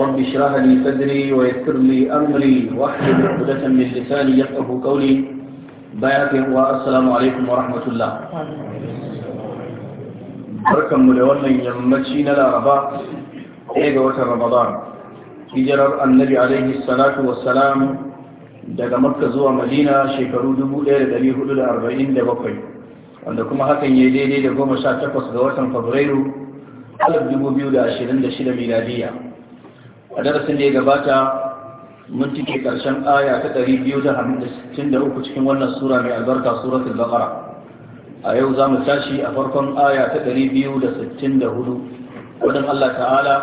رب اشرح لي صدري ويسر لي امري واحلل عقدة من لساني يفقه قولي بياتي والسلام عليكم ورحمة الله بركم لولا يمشي نلا ربا ايه رمضان في جرر النبي عليه الصلاة والسلام daga Makka zuwa Madina shekaru 1447 wanda kuma hakan yayi daidai da 18 ga watan Fabrairu 2026 miladiya a darasin da ya gabata mun cike karshen aya ta 263 cikin wannan sura mai albarka suratul baqara a yau za mu tashi a farkon aya ta 264 wadin Allah ta'ala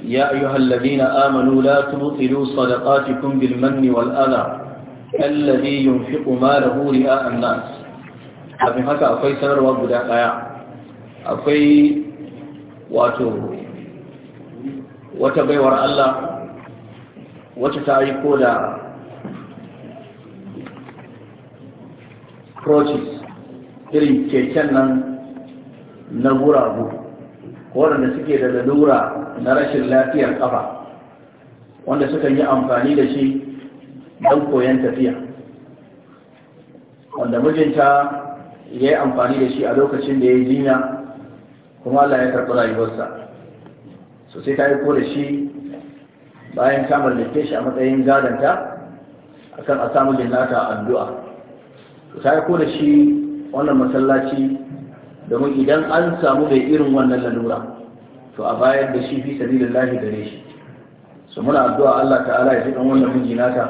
ya ayyuhal ladina amanu la tubtilu sadaqatikum bil manni wal adha alladhi yunfiqu malahu ri'a an-nas abin haka akwai sanarwa guda daya akwai wato wata baiwar Allah wata ta yi ko da crutches irin keken nan na guragu waɗanda suke da lalura na rashin lafiyar ƙafa wanda suka yi amfani da shi don koyon tafiya wanda mijinta ya yi amfani da shi a lokacin da ya yi jinya kuma Allah ya karɓi rayuwarsa to sai ta yi ko da shi bayan ta mallake shi a matsayin gadanta akan a samu linnata addu'a to ta yi ko da shi wannan masallaci domin idan an samu mai irin wannan lalura to a bayar da shi fi sabilillahi gare shi su muna addu'a Allah ta'ala ya jiɗan wannan jinata.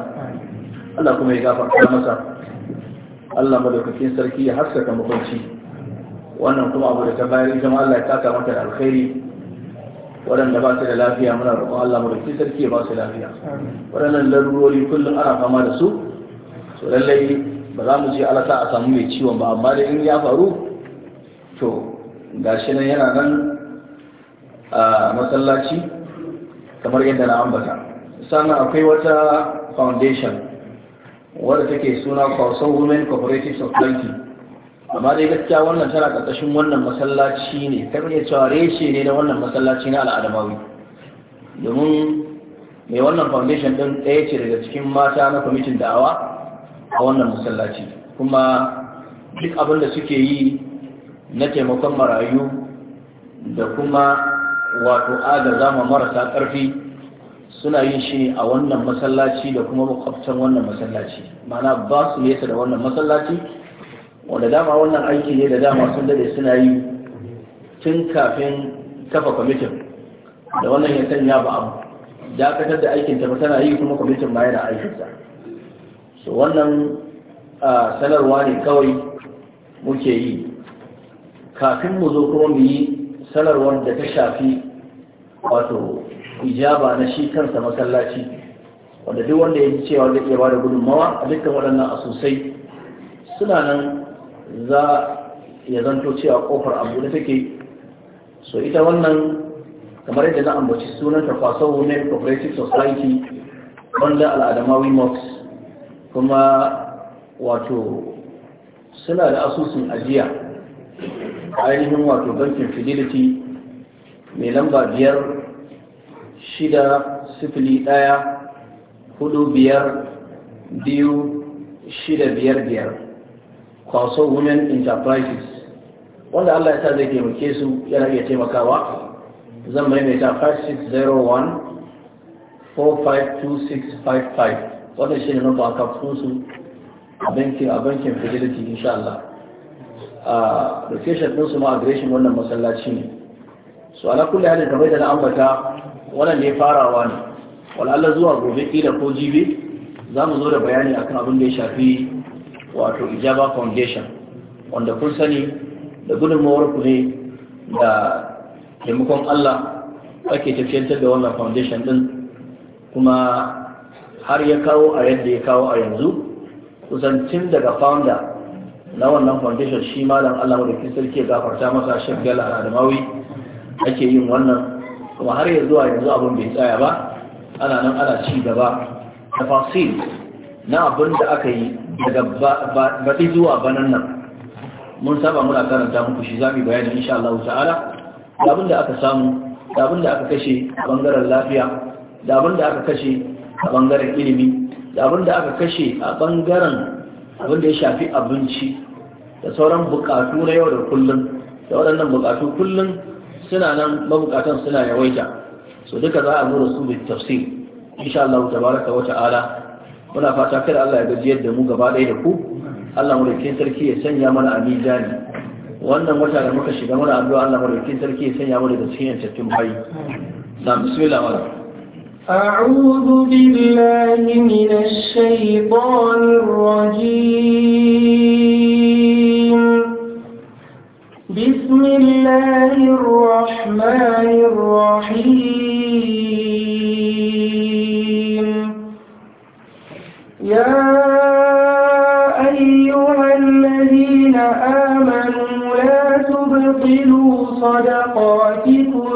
Allah kuma ya gafarta masa Allah madaukakin sarki ya haskaka mafarci wannan kuma abu da ta bayar ita ma Allah ya taka mata da alkhairi waɗanda ba su da lafiya muna roƙon Allah mu dauki sarki ba su lafiya waɗannan larurori kullum ana fama da su to lallai ba za mu je Allah ta a samu mai ciwon ba amma da in ya faru to gashi nan yana nan a masallaci kamar yadda na ambata sannan akwai wata foundation wadda take suna kwasan Women Cooperative Society amma dai gaskiya wannan tana ƙarƙashin wannan masallaci ne ta iya cewa reshe ne na wannan masallaci na al'adamawi domin mai wannan foundation ɗin ɗaya ce daga cikin mata na kwamitin da'awa a wannan masallaci kuma duk abin da suke yi na taimakon marayu da kuma wato agaza zama marasa ƙarfi suna yin shi a wannan masallaci da kuma makwabtan wannan masallaci mana ba su nesa da wannan masallaci wanda dama wannan aiki ne da dama sun dade suna yi tun kafin kafa kwamitin da wannan ya sanya ba abu dakatar da aikin tafi tana yi kuma kwamitin ba yana aikinsa so wannan sanarwa ne kawai muke yi kafin mu zo kuma mu yi sanarwar da ta shafi wato ijaba na shi kansa masallaci wanda duk wanda ya ji cewa zai iya bada gudunmawa a dukkan waɗannan asusai suna nan za ya zanto cewa kofar abu da take so ita wannan kamar yadda na ambaci sunanta faso ne cooperative society wanda al'adamawi mox kuma wato suna da asusun ajiya ainihin wato bankin fidelity mai lamba biyar shida sifili ɗaya hudu biyar biyu shida biyar biyar kwaso women enterprises wanda Allah ya sa zai taimake su yana iya taimakawa zan maimaita 5601 452655 wannan shi ne na a bankin a bankin fidelity insha Allah a location din su ma aggression wannan masallaci ne su ala kulle halin kamar da na ambata wannan ne farawa ne wala Allah zuwa gobe kila ko jibi za mu zo da bayani akan abin da ya shafi wato ijaba foundation wanda kun sani da gudunmawar ku ne da taimakon allah ake tafiyantar da wannan foundation din kuma har ya kawo a yadda ya kawo a yanzu kusan tun daga founder na wannan foundation shi malam allah da ke gafarta masa shagal adamawi ake yin wannan kuma har ya zuwa yanzu abin bai tsaya ba ana nan ana ci gaba tafasil na abin da aka yi daga baɗi zuwa banan nan mun saba muna karanta muku shi za bayani insha Allah ta'ala da abin da aka samu da abin da aka kashe a bangaren lafiya da abin da aka kashe a bangaren ilimi da abin da aka kashe a bangaren abin da ya shafi abinci da sauran bukatu na yau da kullum da waɗannan bukatu kullum suna nan mabukatan suna yawaita so duka za a zo da su bi tafsir insha Allah tabaraka wa ta'ala muna fata kada Allah ya gajiyar da mu gaba ɗaya da ku Allah mu mulkin sarki ya sanya mana a mizani wannan wata da muka shiga mana addu'a Allah mu mulkin sarki ya sanya mana da cikin tattun bayi na bismillah wala أعوذ بالله من الشيطان الرجيم بسم الله الرحمن الرحيم يا أيها الذين آمنوا لا تبطلوا صدقاتكم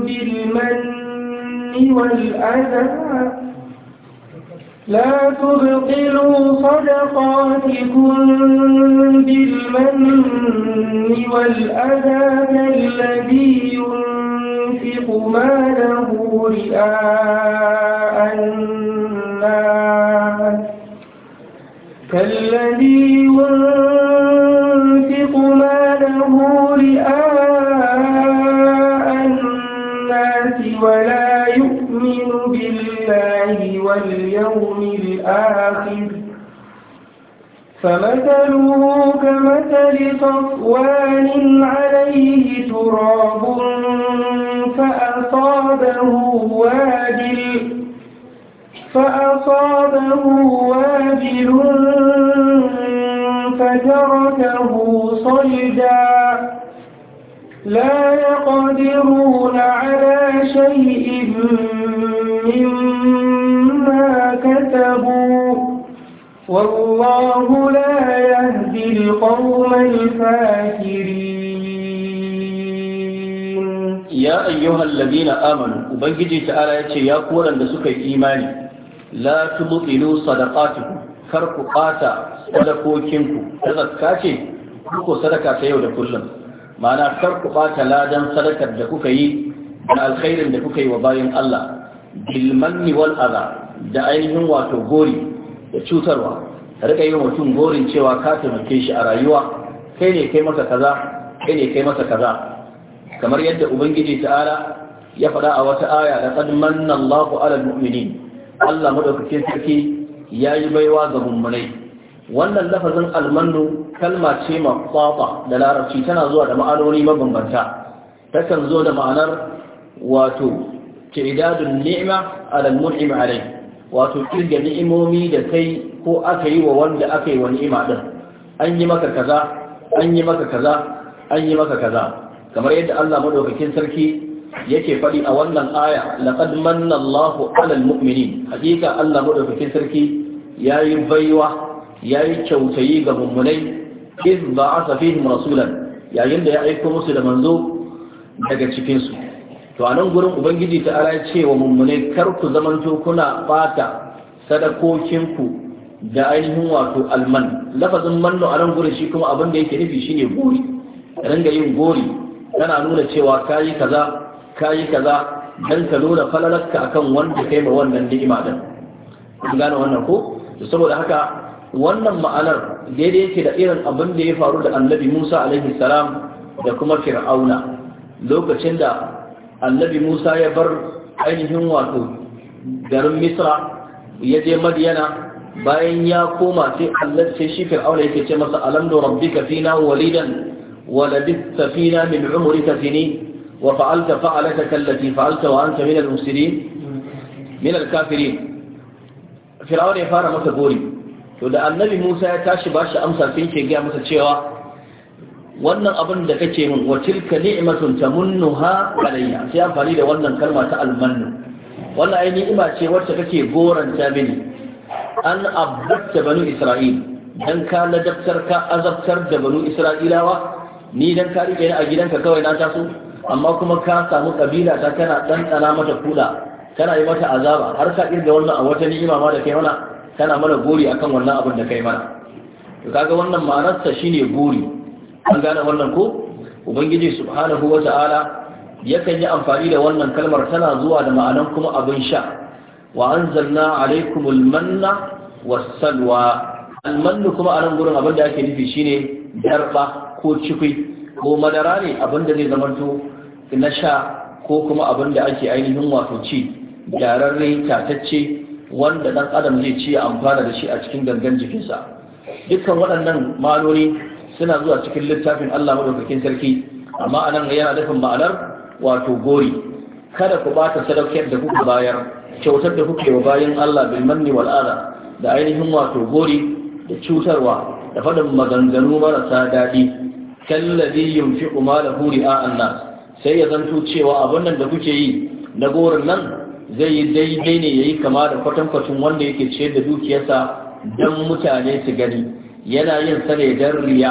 بالمن والأذى لا تبطلوا صدقاتكم بالمن والأذى الذي ينفق ماله رئاء كالذي ينفق ماله رئاء الناس ولا يؤمن بالله واليوم الآخر فمثله كمثل صفوان عليه تراب فأصابه وادل فأصابه واجل فتركه صيدا لا يقدرون على شيء مما كتبوا والله لا يهدي القوم الفاكرين يا أيها الذين آمنوا وبنجي تعالى يا قولا لسكي إيماني la tubtilu sadaqatukum kar ku bata sadakokinku ta zakka ce ko sadaka ta yau da kullum ma'ana kar ku ɓata ladan sadakar da kuka yi da alkhairin da kuka yi wa bayan Allah bil manni da ainihin wato gori da cutarwa rika yi mutum gorin cewa ka taimake shi a rayuwa kai ne kai masa kaza kai ne kai masa kaza kamar yadda ubangiji ta'ala ya faɗa a wata aya da qad manna 'alal mu'minin Allah madaukakin sarki ya yi baiwa ga mummunai wannan lafazin almanu kalma ce maƙwaƙwa da larabci tana zuwa da ma'anoni mabambanta takan zo da ma'anar wato ta'idadun ni'ima alal mun'im alai wato kirga ni'imomi da kai ko aka yi wa wanda aka yi wa ni'ima din an yi maka kaza an yi maka kaza an yi maka kaza kamar yadda Allah madaukakin sarki yake faɗi a wannan aya laqad manna Allahu 'alal mu'minin hakika Allah madaukakin sarki yayi baiwa yayi kyautayi ga mummunai iz ba'atha fihim rasulan yayin da ya aika musu da manzo daga cikin su to a nan gurin ubangiji ta ala ce wa mummunai kar ku zamanto kuna sadakokin sadakokinku da ainihin wato alman lafazin manno a nan gurin shi kuma abin da yake nufi shine gori ringa yin gori tana nuna cewa kayi kaza ka yi kaza dan ka nuna falalarka akan wanda kai ma wannan ni'ima din kun gane wannan ko saboda haka wannan ma'anar daidai yake da irin abin da ya faru da annabi Musa alaihi salam da kuma Fir'auna lokacin da annabi Musa ya bar ainihin wato garin Misra ya je Madiyana bayan ya koma sai Allah sai shi Fir'auna yake ce masa alam do rabbika fina walidan wa labithta fina min umrika sinin وفعلت فعلتك التي فعلت وأنت من المفسدين من الكافرين فرعون ya fara masa gori to da annabi Musa ya tashi bashi amsa sai yake ga masa cewa wannan abin da kake min wa tilka ni'matun tamunnuha alayya sai amfani da wannan kalma ta almanu. wannan ai ni'ima ce wacce kake goranta mini an abdatta banu isra'il dan ka ladabtar ka azabtar da banu isra'ilawa ni dan ka rike ni a gidanka kawai na taso amma kuma ka samu kabila ta kana ɗanɗana mata kula kana yi mata azaba har ka kirga wannan a wata ni'ima ma da kai mana kana mana gori akan wannan abin da kai mana to kaga wannan ma'anarsa shine gori an gane wannan ko ubangiji subhanahu ta'ala yakan yi amfani da wannan kalmar tana zuwa da ma'anar kuma abin sha wa anzalna alaikumul manna was-salwa almannu kuma a nan gurin abin da ake nufi shine darba ko cikwi ko madara ne abin da zai zamanto na sha ko kuma abin da ake ainihin wato ci gyararre tatacce wanda dan adam zai ci amfana da shi a cikin gangan jikinsa dukkan waɗannan ma'anoni suna zuwa cikin littafin Allah madaukakin sarki amma anan yana dafin ma'anar wato gori kada ku bata sadaukar da kuka bayar kyautar da kuke wa bayan Allah bil manni wal ala da ainihin wato gori da cutarwa da faɗin maganganu marasa daɗi kallazi yunfiqu malahu ri'a an-nas sai ya zanto cewa abin nan da kuke yi na goron nan zai yi daidai ne ya yi kama da kwatankwacin wanda yake ce da dukiyarsa don mutane su gani yana yin sane don riya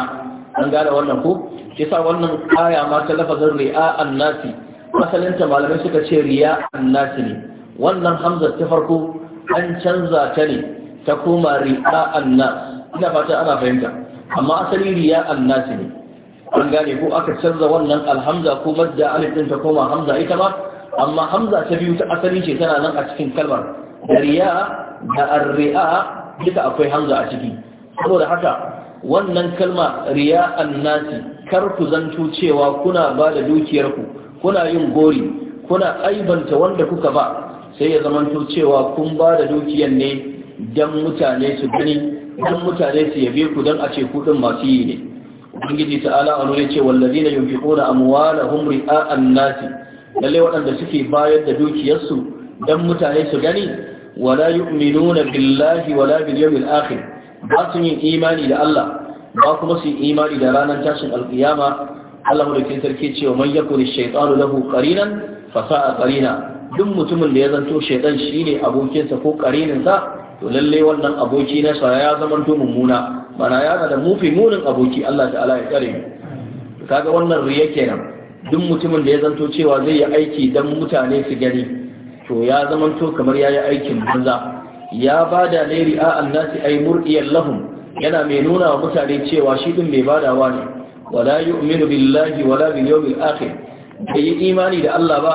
an gada wannan ko sa wannan kaya ma ta lafazin riya an nasi. Masalinta malamai suka ce riya an nasi ne wannan hamza ta farko an canza ta ne ta koma riya nasi. ina fata ana fahimta amma asali riya an nasi ne an gane ko aka canza wannan alhamza ko madda alif din ta koma hamza ita ma amma hamza ta biyu ta asali ce tana nan a cikin kalmar dariya da arri'a duka akwai hamza a ciki saboda haka wannan kalma riya annati kar ku zanto cewa kuna ba da dukiyarku kuna yin gori kuna aibanta wanda kuka ba sai ya zamanto cewa kun ba da dukiyar ne don mutane su gani don mutane su yabe ku don a ce kudin masu yi ne ubangiji ta'ala a nuna ce wallazina yunfiquna amwalahum ri'a'an nasi lalle waɗanda suke bayar da dukiyarsu dan mutane su gani wala yu'minuna billahi wala bil yawmil akhir ba su yin imani da Allah ba kuma su yi imani da ranar tashin alkiyama Allah mulkin sarki ce wa man yakuni shaytanu lahu qarinan fa sa'a qarina duk mutumin da ya zanto shaytan shine abokinsa ko qarinin sa to lalle wannan aboki na sa ya zama to mummuna Bana ya da mufi munin aboki Allah ta'ala ya kare to kaga wannan riya kenan duk mutumin da ya zanto cewa zai yi aiki dan mutane su gani to ya zama to kamar yayi aikin banza ya bada ne ri'a annasi ay mur'iyan lahum yana mai nuna wa mutane cewa shi din mai badawa ne wala yu'minu billahi wala bil yawmil akhir bai yi imani da Allah ba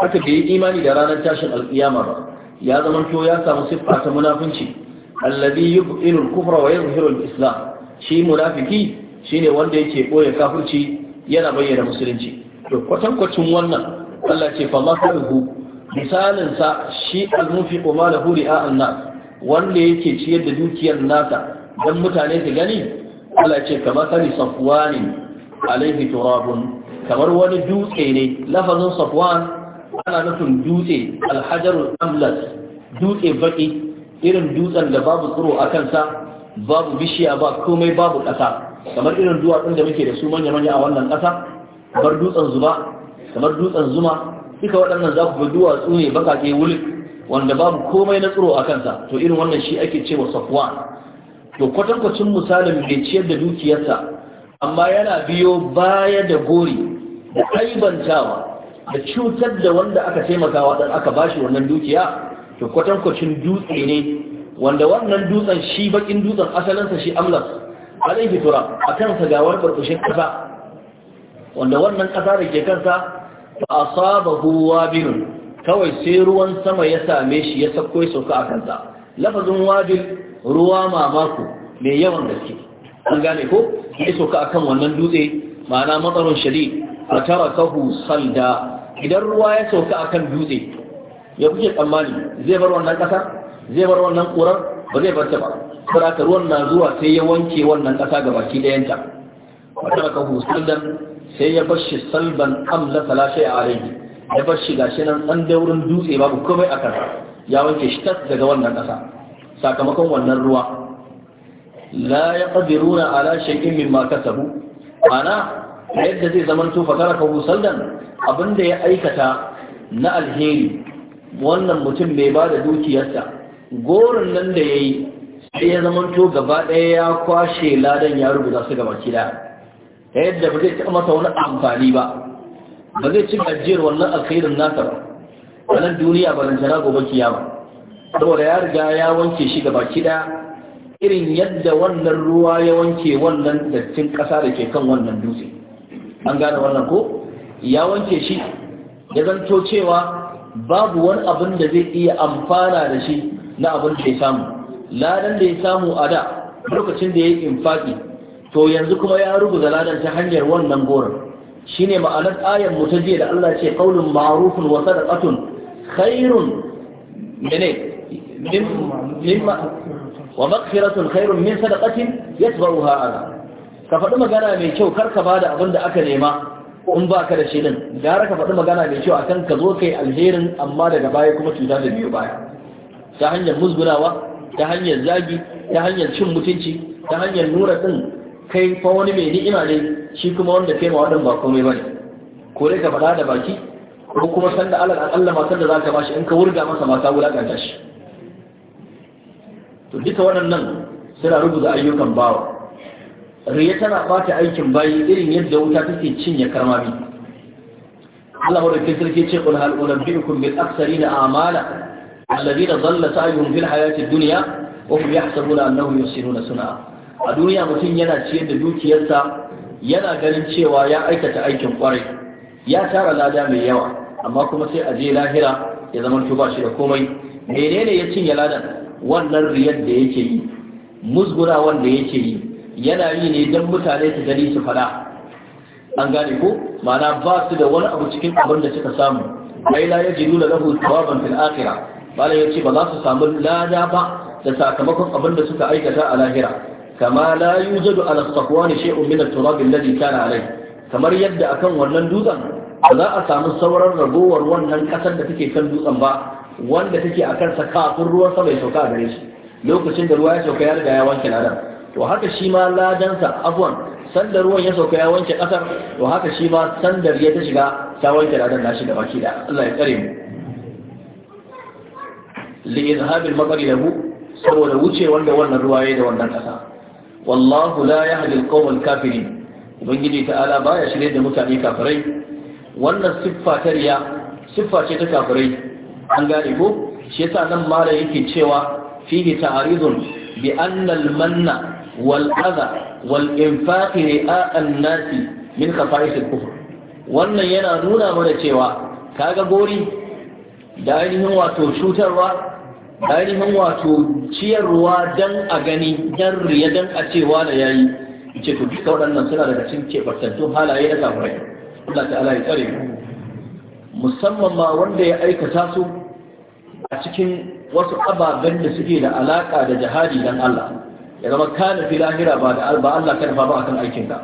haka bai yi imani da ranar tashin alkiyama ba ya zamanto ya samu siffa ta munafinci alladhi yub'ilu al-kufra wa yadhhiru al-islam shi munafiki shine wanda yake boye kafirci yana bayyana musulunci to kwatankwacin wannan Allah ce fa masaluhu misalin sa shi al-munfiqu ma lahu ri'a an-nas wanda yake ciyar da dukiyar nasa dan mutane su gani Allah ce kamar sani safwani alaihi turabun kamar wani dutse ne lafazin safwan ana nufin dutse alhajarul amlas dutse baki irin dutsen da babu tsoro a kansa babu bishiya ba komai babu ƙasa kamar irin duwatsun da muke da su manya-manya a wannan ƙasa kamar dutsen zuba kamar dutsen zuma duka waɗannan za ku ga duwatsu ne ke wuli wanda babu komai na tsoro a kansa to irin wannan shi ake cewa safwan to kwatankwacin misalin bai ciyar da dukiyarsa amma yana biyo baya da gori da aibantawa da cutar da wanda aka taimaka wa dan aka bashi wannan dukiya to kwatankwacin dutse ne wanda wannan dutsen shi bakin dutsen asalinsa shi amlas alaihi fitura, a kansa gawar ƙarƙashin ƙasa wanda wannan ƙasa da ke kansa ba a saba huwa biyun, kawai sai ruwan sama ya same shi ya sako ya sauka a kansa lafazin wabil ruwa mamako mai yawan gaske an gane ko ya sauka a kan wannan dutse ma'ana matsaron shari'a. a tara kahu salda idan ruwa ya sauka a kan dutse ya kuke tsammani zai bar wannan ƙasa zai bar wannan ƙurar ba zai bar ta ba saboda ruwan na zuwa sai ya wanke wannan ƙasa ga baki ɗayanta wata raka husaldan sai ya bar shi salban amla salashe a arewa ya bar shi gashi nan ɗan daurin dutse babu komai a kan ya wanke shi tas daga wannan ƙasa sakamakon wannan ruwa la ya ƙadiruna ala shay'in mimma kasabu ana a yadda zai zama to fatara kawo sallan abinda ya aikata na alheri wannan mutum mai ba da dukiyarsa goron nan da yayi yi sai ya zama to gaba ɗaya ya kwashe ladan ya rubuta su gaba kida ta yadda ba zai taɓa masa wani amfani ba ba zai ci gajiyar wannan alkhairin nasa ba a nan duniya ba lantana gobe kiyama saboda ya riga ya wanke shi gaba kida irin yadda wannan ruwa ya wanke wannan dattin ƙasa da ke kan wannan dutse an gane wannan ko ya wanke shi ya zanto cewa babu wani abin da zai iya amfana da shi na abin da ya samu ladan da ya samu a da lokacin da ya yi infaki to yanzu kuma ya rubuta ladan ta hanyar wannan goron ne ma'anar ayar mu ta jiya da Allah ce qaulun maarufin wa sadaqatun khairun mene mimma wa maghfiratun khairun min sadaqatin yatba'uha adha ka faɗi magana mai kyau kar ka bada abin da aka nema in ba ka da shi din gara ka faɗi magana mai kyau akan ka zo kai alherin amma daga baya kuma cuta da biyu baya ta hanyar musgunawa ta hanyar zagi ta hanyar cin mutunci ta hanyar nura din kai fa wani mai ni'ima ne shi kuma wanda kai ma ba komai bane ko dai ka faɗa da baki ko kuma sanda da Allah ma da zaka bashi in ka wurga masa mata ka shi to duka waɗannan suna rubuta ayyukan bawa riya tana bata aikin bayi irin yadda wuta take cinye bi Allah madaukakin sarki ce qul hal unabbiukum bil aksarina a'mala alladhina dhalla sa'yuhum fil hayati dunya wa hum yahsabuna annahum yusiruna sun'a a duniya mutum yana ciyar da dukiyarsa yana ganin cewa ya aikata aikin kwarai ya tara lada mai yawa amma kuma sai a je lahira ya zama tuba shi da komai menene ya cinye ladan wannan riyar da yake yi musgura wanda yake yi yana yi ne don mutane su gani su fada an gane ko mana ba su da wani abu cikin abin da suka samu mai la jiru da lahu tawaban fil akhirah bala ya ce ba za su samu lada ba da sakamakon abin da suka aikata a lahira kama la yujadu ala safwan shay'un min at-turab alladhi kana alayh kamar yadda akan wannan dutsen ba za a samu sauran ragowar wannan kasar da take kan dutsen ba wanda take akan sa kafin ruwan sama ya sauka a gare shi lokacin da ruwa ya sauka ya riga ya wanke ladan to haka shi ma ladansa afwan sandar ruwan ya sauka ya wanke kasar to haka shi ma sandar ya ta shiga ta wanke ladan nashi da baki da Allah ya tsare mu li izhabil maqari lahu saboda wuce wanda wannan ruwa yayi da wannan kasa wallahu la yahdi al kafirin ubangiji ta'ala baya shirye da mutane kafirai wannan siffa ta riya siffa ce ta kafirai an gane ko shi yasa nan mala yake cewa fihi ta'aridun bi anna al manna والأذى والإنفاق رئاء الناس من خفائف الكفر wannan yana nuna mana cewa kaga gori da ainihin wato cutarwa da ainihin wato ciyarwa dan a gani don riya dan a cewa da yayi ce to duka waɗannan suna daga cikin keɓantattun halaye na kafirai Allah ta'ala ya tsare musamman ma wanda ya aikata su a cikin wasu ababen da suke da alaƙa da jihadi dan Allah ya zama kanin nufi lahira ba da ba Allah ka nufa ba akan aikin ka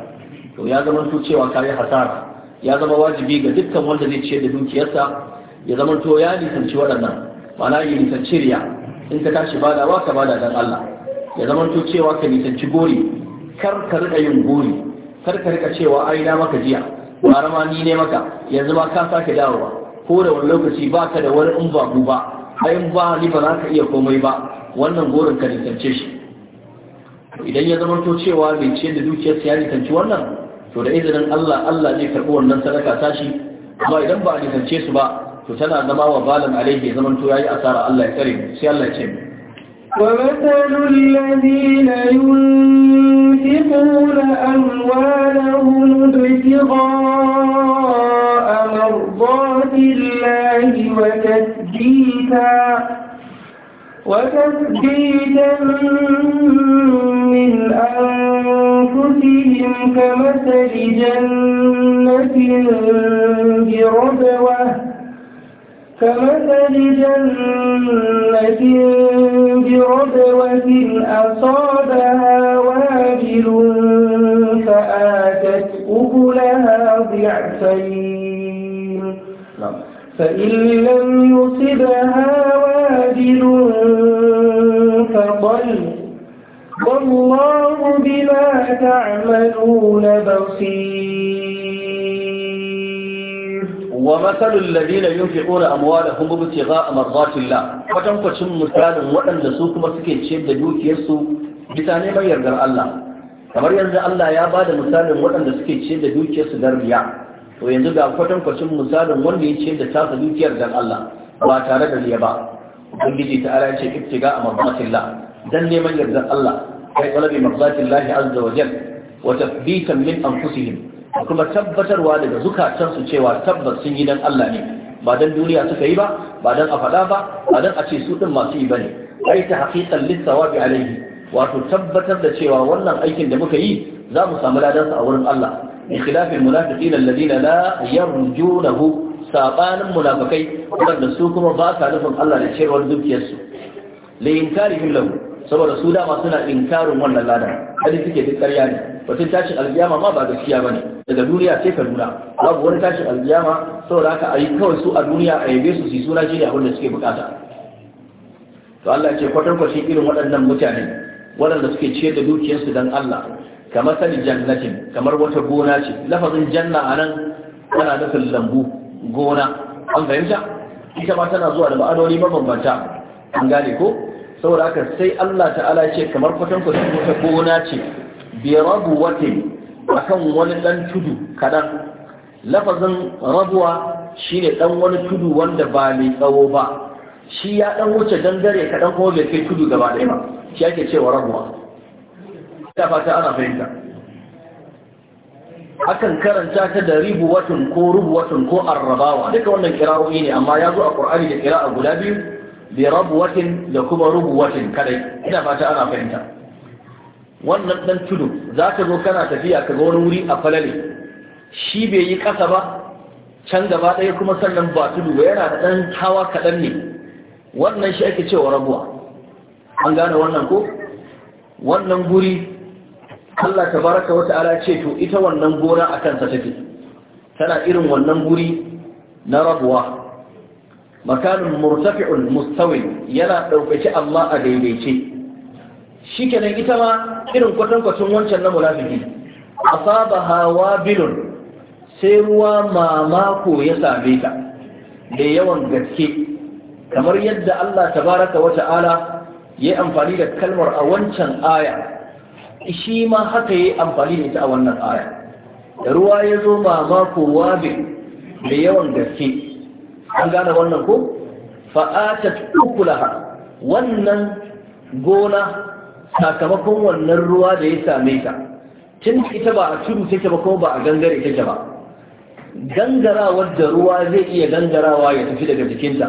to ya zama to cewa ka hasara ya zama wajibi ga dukkan wanda zai ciyar da dukiyarsa ya zama to ya nisanci waɗannan ma'ana ya nisanci riya in ka tashi badawa ka bada dan Allah ya zama to cewa ka nisanci gori kar ka rika yin gori kar ka rika cewa ai na maka jiya bara ma ni ne maka yanzu ma ka sake dawowa ko da wani lokaci ba ka da wani in ba ba ai ba ni ba za ka iya komai ba wannan gorin ka nisance shi idan ya zama to cewa bai da dukiyar ya nisanci wannan to da izinin Allah Allah zai karɓi wannan sadaka tashi amma idan ba a nisance su ba to tana zama wa balan alaihi zaman to yayi asara Allah ya tsare sai Allah ya ce ومثل الذين ينفقون أموالهم ابتغاء مرضات الله وتثبيتا وتثبيتا من أنفسهم كمثل جنة بربوة كمثل جنة بربوة أصابها واجل فآتت أكلها ضعفين نعم. فإن لم يصبها جادل فضل والله بما تعملون بصير ومثل الذين ينفقون أموالهم ابتغاء مرضات الله وتنقشم مثال وأن سوكم سكين شيء دوك يسو بتاني ما يرجع الله kamar yanzu Allah ya bada misalin waɗanda suke ce da dukiyarsu da riya to yanzu ga kwatankwacin misalin wanda ya ce da tasa dukiyar dan Allah ba tare da riya ba ubangiji ta ala ce ibtiga a marzatillah dan neman yardar Allah kai talabi marzatillahi azza wa jal wa tathbitan min anfusihim kuma tabbatarwa daga zukatansu cewa tabbas sun yi dan Allah ne ba dan duniya suka yi ba ba dan a faɗa ba ba dan a ce su din masu yi bane ai ta haqiqan lissawabi alaihi wato tabbatar da cewa wannan aikin da muka yi za mu samu ladansa a wurin Allah bi khilafil munafiqin alladhina la yarjuna sabanin munafakai, wanda su kuma ba sa nufin Allah da cewar dukiyarsu la inkarihim lahu saboda su dama suna inkarin wannan ladan Kada suke duk ƙarya ne wata tashin alƙiyama ma ba gaskiya bane daga duniya sai ka nuna babu wani tashin alƙiyama saboda haka ayi kawai su a duniya a yabe su su suna shi da abin suke bukata to Allah ce kwatankwashin irin waɗannan mutane waɗanda suke ciyar da dukiyarsu dan Allah kamar sani jannatin kamar wata gona ce lafazin janna a nan ana nufin lambu gona an fahimta ita ma tana zuwa da ma'anoni mabambanta an gane ko saboda haka sai Allah ta'ala ce kamar kwatan sun wata gona ce bi rabuwatin akan wani dan tudu kadan lafazin rabuwa shine dan wani tudu wanda ba mai tsawo ba shi ya dan wuce dangare kadan kuma bai kai tudu gaba ɗaya ba shi ake cewa rabuwa ta fata ana fahimta akan karanta ta da ribuwatun ko rubuwatun ko arrabawa duka wannan kira'o'i ne amma ya zo a ƙur'ani da kira'a guda biyu da rabuwatin da kuma rubuwatin kadai ina fata ana fahimta wannan dan tudu za ka zo kana tafiya ka ga wani wuri a falale shi bai yi ƙasa ba can gaba ɗaya kuma sannan ba tudu ba yana da ɗan hawa kaɗan ne wannan shi ake cewa rabuwa an gane wannan ko wannan guri Allah ta baraka ta'ala ce to ita wannan gora a kansa take tana irin wannan guri na rabuwa makanin murtafi'un mustawin yana ɗaukaci amma a daidaice shikenan ita ma irin kwatankwacin wancan na saba Hawa Bilun, sai ruwa mamako ya same ta da yawan gaske kamar yadda Allah ta baraka Wata'ala ya yi amfani da kalmar a wancan aya shi ma haka yi amfani da ita a wannan aya da ruwa ya zo ma mako wabe da yawan gaske an gane wannan ko fa'atat ukulaha wannan gona sakamakon wannan ruwa da ya same ta tun ita ba a tudu take ba ko ba a gangare take ba gangarawar da ruwa zai iya gangarawa ya tafi daga jikinta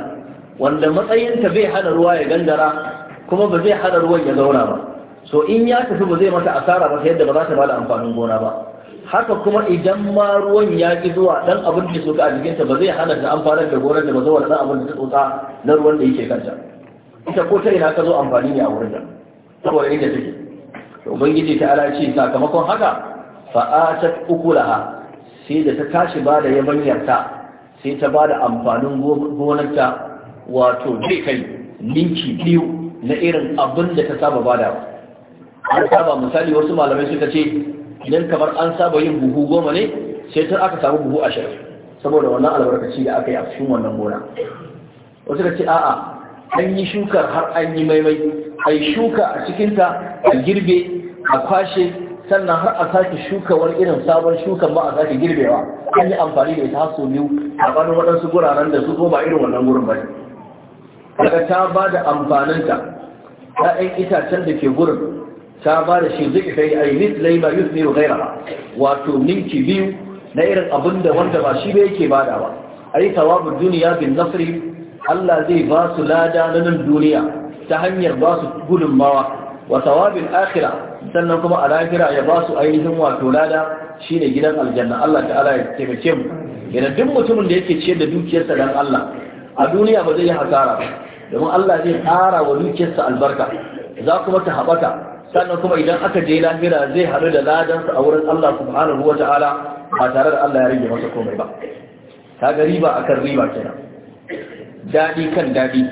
wanda matsayinta bai hana ruwa ya gangara kuma ba zai hana ruwan ya zauna ba so in ya tafi ba zai mata asara ba yadda ba za ta bada amfanin gona ba haka kuma idan ma ruwan ya ki zuwa dan abin da soka a jikinta ba zai hana amfanin da gonar da ba zuwa dan abin da ta tsotsa na ruwan da yake kanta ita ko ta ina ka zo amfani ne a wurin da saboda inda take to ubangiji ta ala ce sakamakon haka fa atat ukulaha sai da ta tashi ba da yabanyar ta sai ta ba da amfanin gonarta wato dai kai ninki biyu na irin abin da ta saba badawa an saba misali wasu malamai suka ce idan kamar an saba yin buhu goma ne sai tun aka samu buhu ashirin saboda wannan albarkaci da aka yi a cikin wannan gona wasu ka ce a'a an yi shukar har an yi maimai a yi shuka a cikinta a girbe a kwashe sannan har a sake shuka wani irin sabon shukan ba a sake girbewa an yi amfani da ita sau biyu a ɓanin waɗansu guraren da su ko ba irin wannan wurin ba daga ta ba da amfaninta ta 'ya'yan itacen da ke gurin ta ba da shi zai kai ai mislai ma yusni wa ba. wato ninki biyu na irin abin da wanda ba shi ba yake badawa ai tawabud duniya bin nasri Allah zai ba su lada na nan duniya ta hanyar ba su gudunmawa wa tawabin akhira sannan kuma a lahira ya ba su ainihin wato lada shine gidan aljanna Allah ta'ala ya taimake mu idan duk mutumin da yake ciyar da dukiyarsa dan Allah a duniya ba zai yi hasara ba domin Allah zai ƙara wa dukiyarsa albarka za kuma ta haɓaka sannan kuma idan aka je lahira zai haɗu da ladansa a wurin Allah subhanahu wa ta'ala ba tare da Allah ya rage masa komai ba ta ga riba akan riba kenan daɗi kan daɗi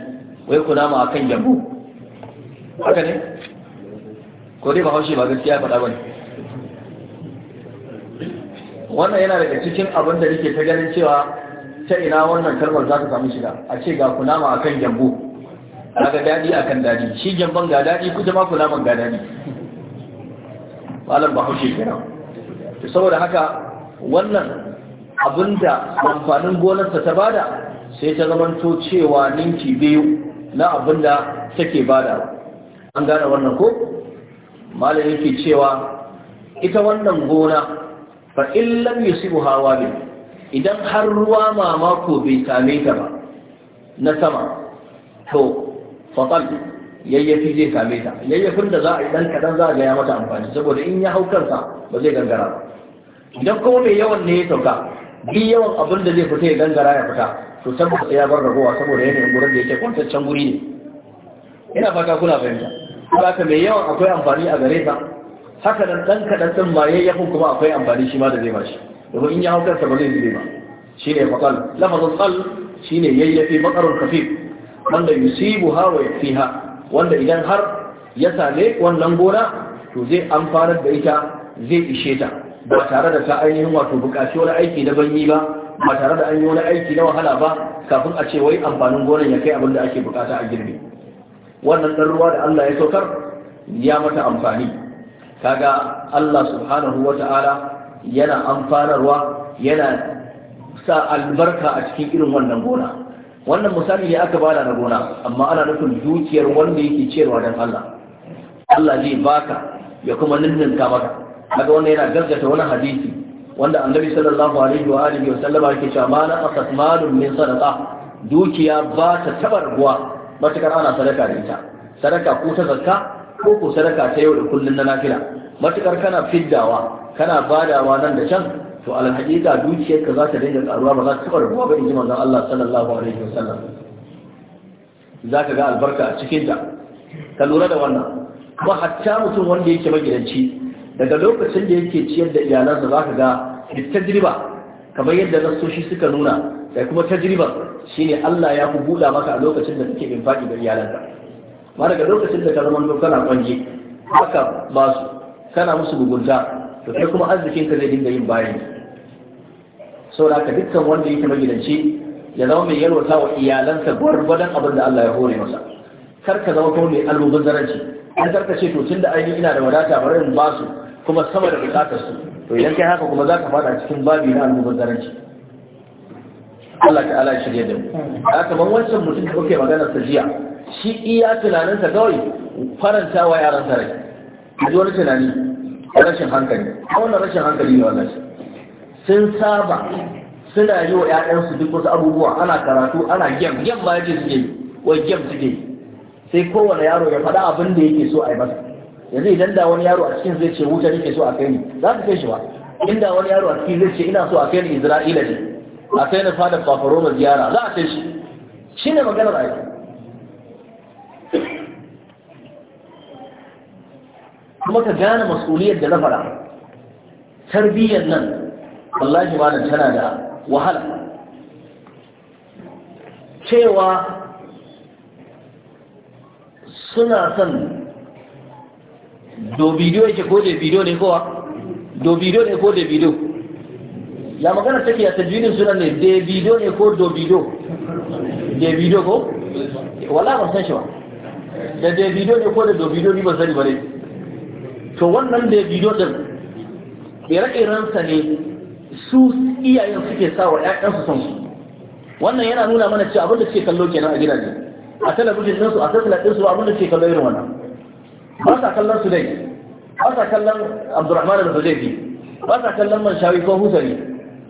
wai kuna ma akan yabo haka ne ko dai ba haushe ba gaskiya faɗa ba ne wannan yana daga cikin abin da nake ta ganin cewa ta ina wannan kalmar za ta samu shiga a ce ga kunama akan gyambo daɗi a kan dadi shi gyamban ga daɗi, ku jama kula man ga daɗi. malam bahaushe kenan to saboda haka wannan abinda amfanin gonarsa ta bada sai ta zamanto cewa ninki biyu na abinda take bada an gane wannan ko malam yake cewa ita wannan gona fa in lam yusibu hawabin idan har ruwa mamako bai same ta ba na sama to fatal yayyafi zai same ta yayyafin da za a yi dan kadan za a gaya mata amfani saboda in ya hau kansa ba zai gangara ba idan kuma mai yawan ne ya sauka bi yawan abin da zai fita ya gangara ya fita to tabbata ya bar ragowa saboda yanayin gurin da yake kwantaccen guri ne ina fata kuna fahimta ba ka mai yawan akwai amfani a gare ta haka nan dan kadan din ma yayyafin kuma akwai amfani shi ma da zai bashi domin in ya hau kansa ba zai zube ba shine maqal lafazul qal shine yayyafi maqarun kafif wanda yusibu ya fi ha, wanda idan har ya same wannan gona to zai amfanar da ita zai ishe ta ba tare da ta ainihin wato bukaci wani aiki na banyi ba ba tare da an yi wani aiki na wahala ba kafin a ce wai amfanin gonan ya kai abin da ake bukata a girbi wannan ɗan ruwa da Allah ya saukar ya mata amfani kaga Allah subhanahu wa ta'ala yana amfanarwa yana sa albarka a cikin irin wannan gona wannan misali ne aka bada na gona amma ana nufin dukiyar wanda yake ciyarwa don Allah Allah zai baka ya kuma ninninka maka kaga wannan yana gargata wani hadisi wanda annabi sallallahu alaihi wa alihi wa sallama yake cewa ma na asasmalun min sadaqa dukiya ba ta taba rabuwa ta ana sadaka da ita sadaka ko ta zakka ko ko sadaka ta yau da kullun na nafila matukar kana fiddawa kana badawa nan da can to al dukiyarka za ta daina ƙaruwa ba za ta taba rabuwa ba in ji manzon Allah sallallahu alaihi Sallam. za ka ga albarka a cikin ta ka lura da wannan kuma hatta mutum wanda yake magidanci daga lokacin da yake ciyar da iyalansa za ka ga tajriba kamar yadda nasoshi suka nuna da kuma tajribar shine Allah ya ku buɗa maka a lokacin da kake infaki ga iyalanka ma daga lokacin da ka zama kana kwanje haka ba su kana musu bugunta to kuma arzikin ka zai dinga yin bayani saboda ka dukkan wanda yake magidanci ya zama mai yalwata wa iyalansa gwargwadon abin da Allah ya hore masa kar ka zama kuma mai zaranci. an karka ce to tun da ainihin ina da wadata bari in basu kuma sama da bukatar su to idan kai haka kuma za ka fada cikin babi na zaranci. Allah ta'ala ala shirya da mu haka kamar wancan mutum da kuke magana sa jiya shi iya tunaninsa kawai faranta wa yaran sa rai ji wani tunani rashin hankali a wannan rashin hankali ne wannan sun saba suna yi wa ‘ya'yansu duk wasu abubuwa ana karatu ana gem gem ba yake suke yi wai gem suke yi sai kowane yaro ya faɗa abin da yake so a yi masa yanzu idan da wani yaro a cikin zai ce wuta nake so a kai ni za ka kai shi ba inda wani yaro a cikin zai ce ina so a kai ni isra'ila ne a kai ni fadar fafaroma ziyara za a kai shi shi ne maganar aiki kuma ka gane masuliyar da na faɗa tarbiyyar nan wallahi malam tana da wahala cewa suna son do bidiyo yake ko da bidiyo ne kowa do bidiyo ne ko da bidiyo ya magana take a tajirin suna ne da bidiyo ne ko do bidiyo da bidiyo ko wala ban san shi ba da da bidiyo ne ko da do bidiyo ni ban sani ba ne to wannan da bidiyo din ire-irensa ne su iyayen suke sa wa 'ya'yansu son su wannan yana nuna mana cewa abin da suke kallo kenan a gidaje a talabijin ɗinsu a tattala ɗinsu ba abin da suke kallo irin wannan ba sa kallon su dai ba sa kallon abdurrahman da hudayfi ba sa kallon man shawi ko husari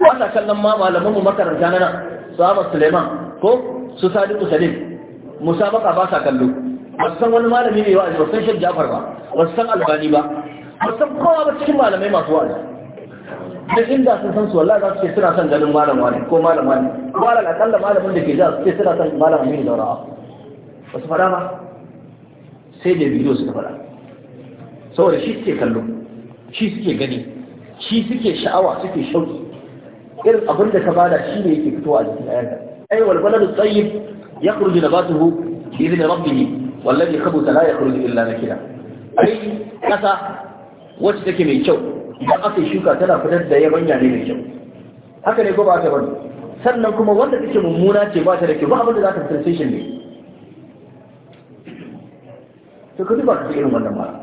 ba sa kallon ma malaman mu makaranta na nan sahaba suleiman ko su sadiku salim musabaka ba sa kallo ba san wani malami ne wa'azi ba san shan jafar ba ba san albani ba ba san kowa ba cikin malamai masu wa'azi duk inda sun san su wallahi za su ce suna son ganin malam wani ko malam wani ko alal akalla malamin da ke za su ce suna son malam aminu daurawa ba su faɗa ma sai da bidiyo suka faɗa saboda shi suke kallo shi suke gani shi suke sha'awa suke shauki irin abin da ka bada shi ne yake fitowa a jikin ayyuka ai wal baladu tayyib yakhruju nabatuhu bi ne rabbih wallazi khabutha la yakhruju illa na kira. ai kasa wacce take mai kyau idan aka shuka tana fitar da yabanya ne mai kyau haka ne ko ba ta bane sannan kuma wanda take mummuna ce ba ta da kyau ba abin da za ta fitar sai shin ne to ka ba ka irin wannan mara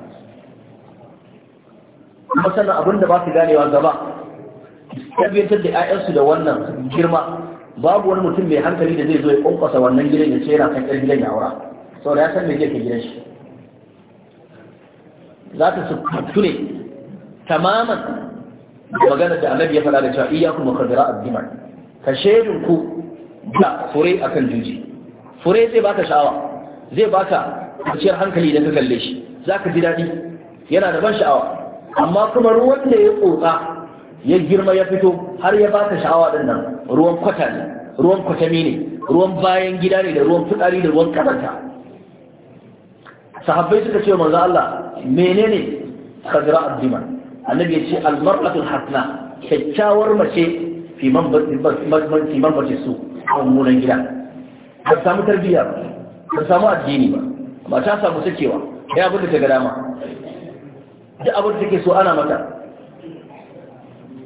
kuma sannan abinda ba su ganewa gaba tabbatar da 'ya'yansu da wannan girma babu wani mutum mai hankali da zai zo ya kwankwasa wannan gidan ya ce yana kan ƴar gidan ya sau saboda ya san me zai ka gidan shi za ta su ne tamaman magana da annabi ya faɗa da cewa iyyakum wa khadra ad ka shedun ku da fure akan juji fure zai baka sha'awa zai baka kwanciyar hankali da ka kalle shi zaka ji daɗi yana da ban sha'awa amma kuma ruwan da ya tsotsa ya girma ya fito har ya baka sha'awa din nan ruwan kwata ne ruwan kwatami ne ruwan bayan gida ne da ruwan fitsari da ruwan kazanta sahabbai suka ce manzo Allah menene khadra ad annabi ya ce almar'atul hasna kyakkyawar mace fi mambarci su a mummunan gida ba samu tarbiyya ba samu addini ba ba ta samu sakewa ya abin da ta ga dama da abin da take so ana mata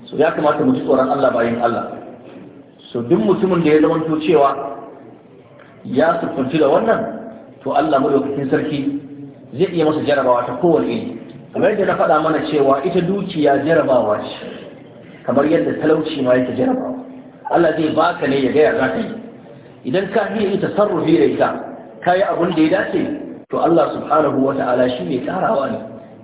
so ya kamata mu ji tsoron Allah bayan Allah so duk mutumin da ya to cewa ya sufunci da wannan to Allah mu sarki zai iya masa jarabawa ta kowane iri kamar yadda na faɗa mana cewa ita dukiya jarabawa ce kamar yadda talauci ma yake jarabawa Allah zai baka ne ya gaya za yi idan ka iya yi tasarrufi da ita ka yi abin da ya dace to Allah subhanahu wa ta'ala shi ne karawa ne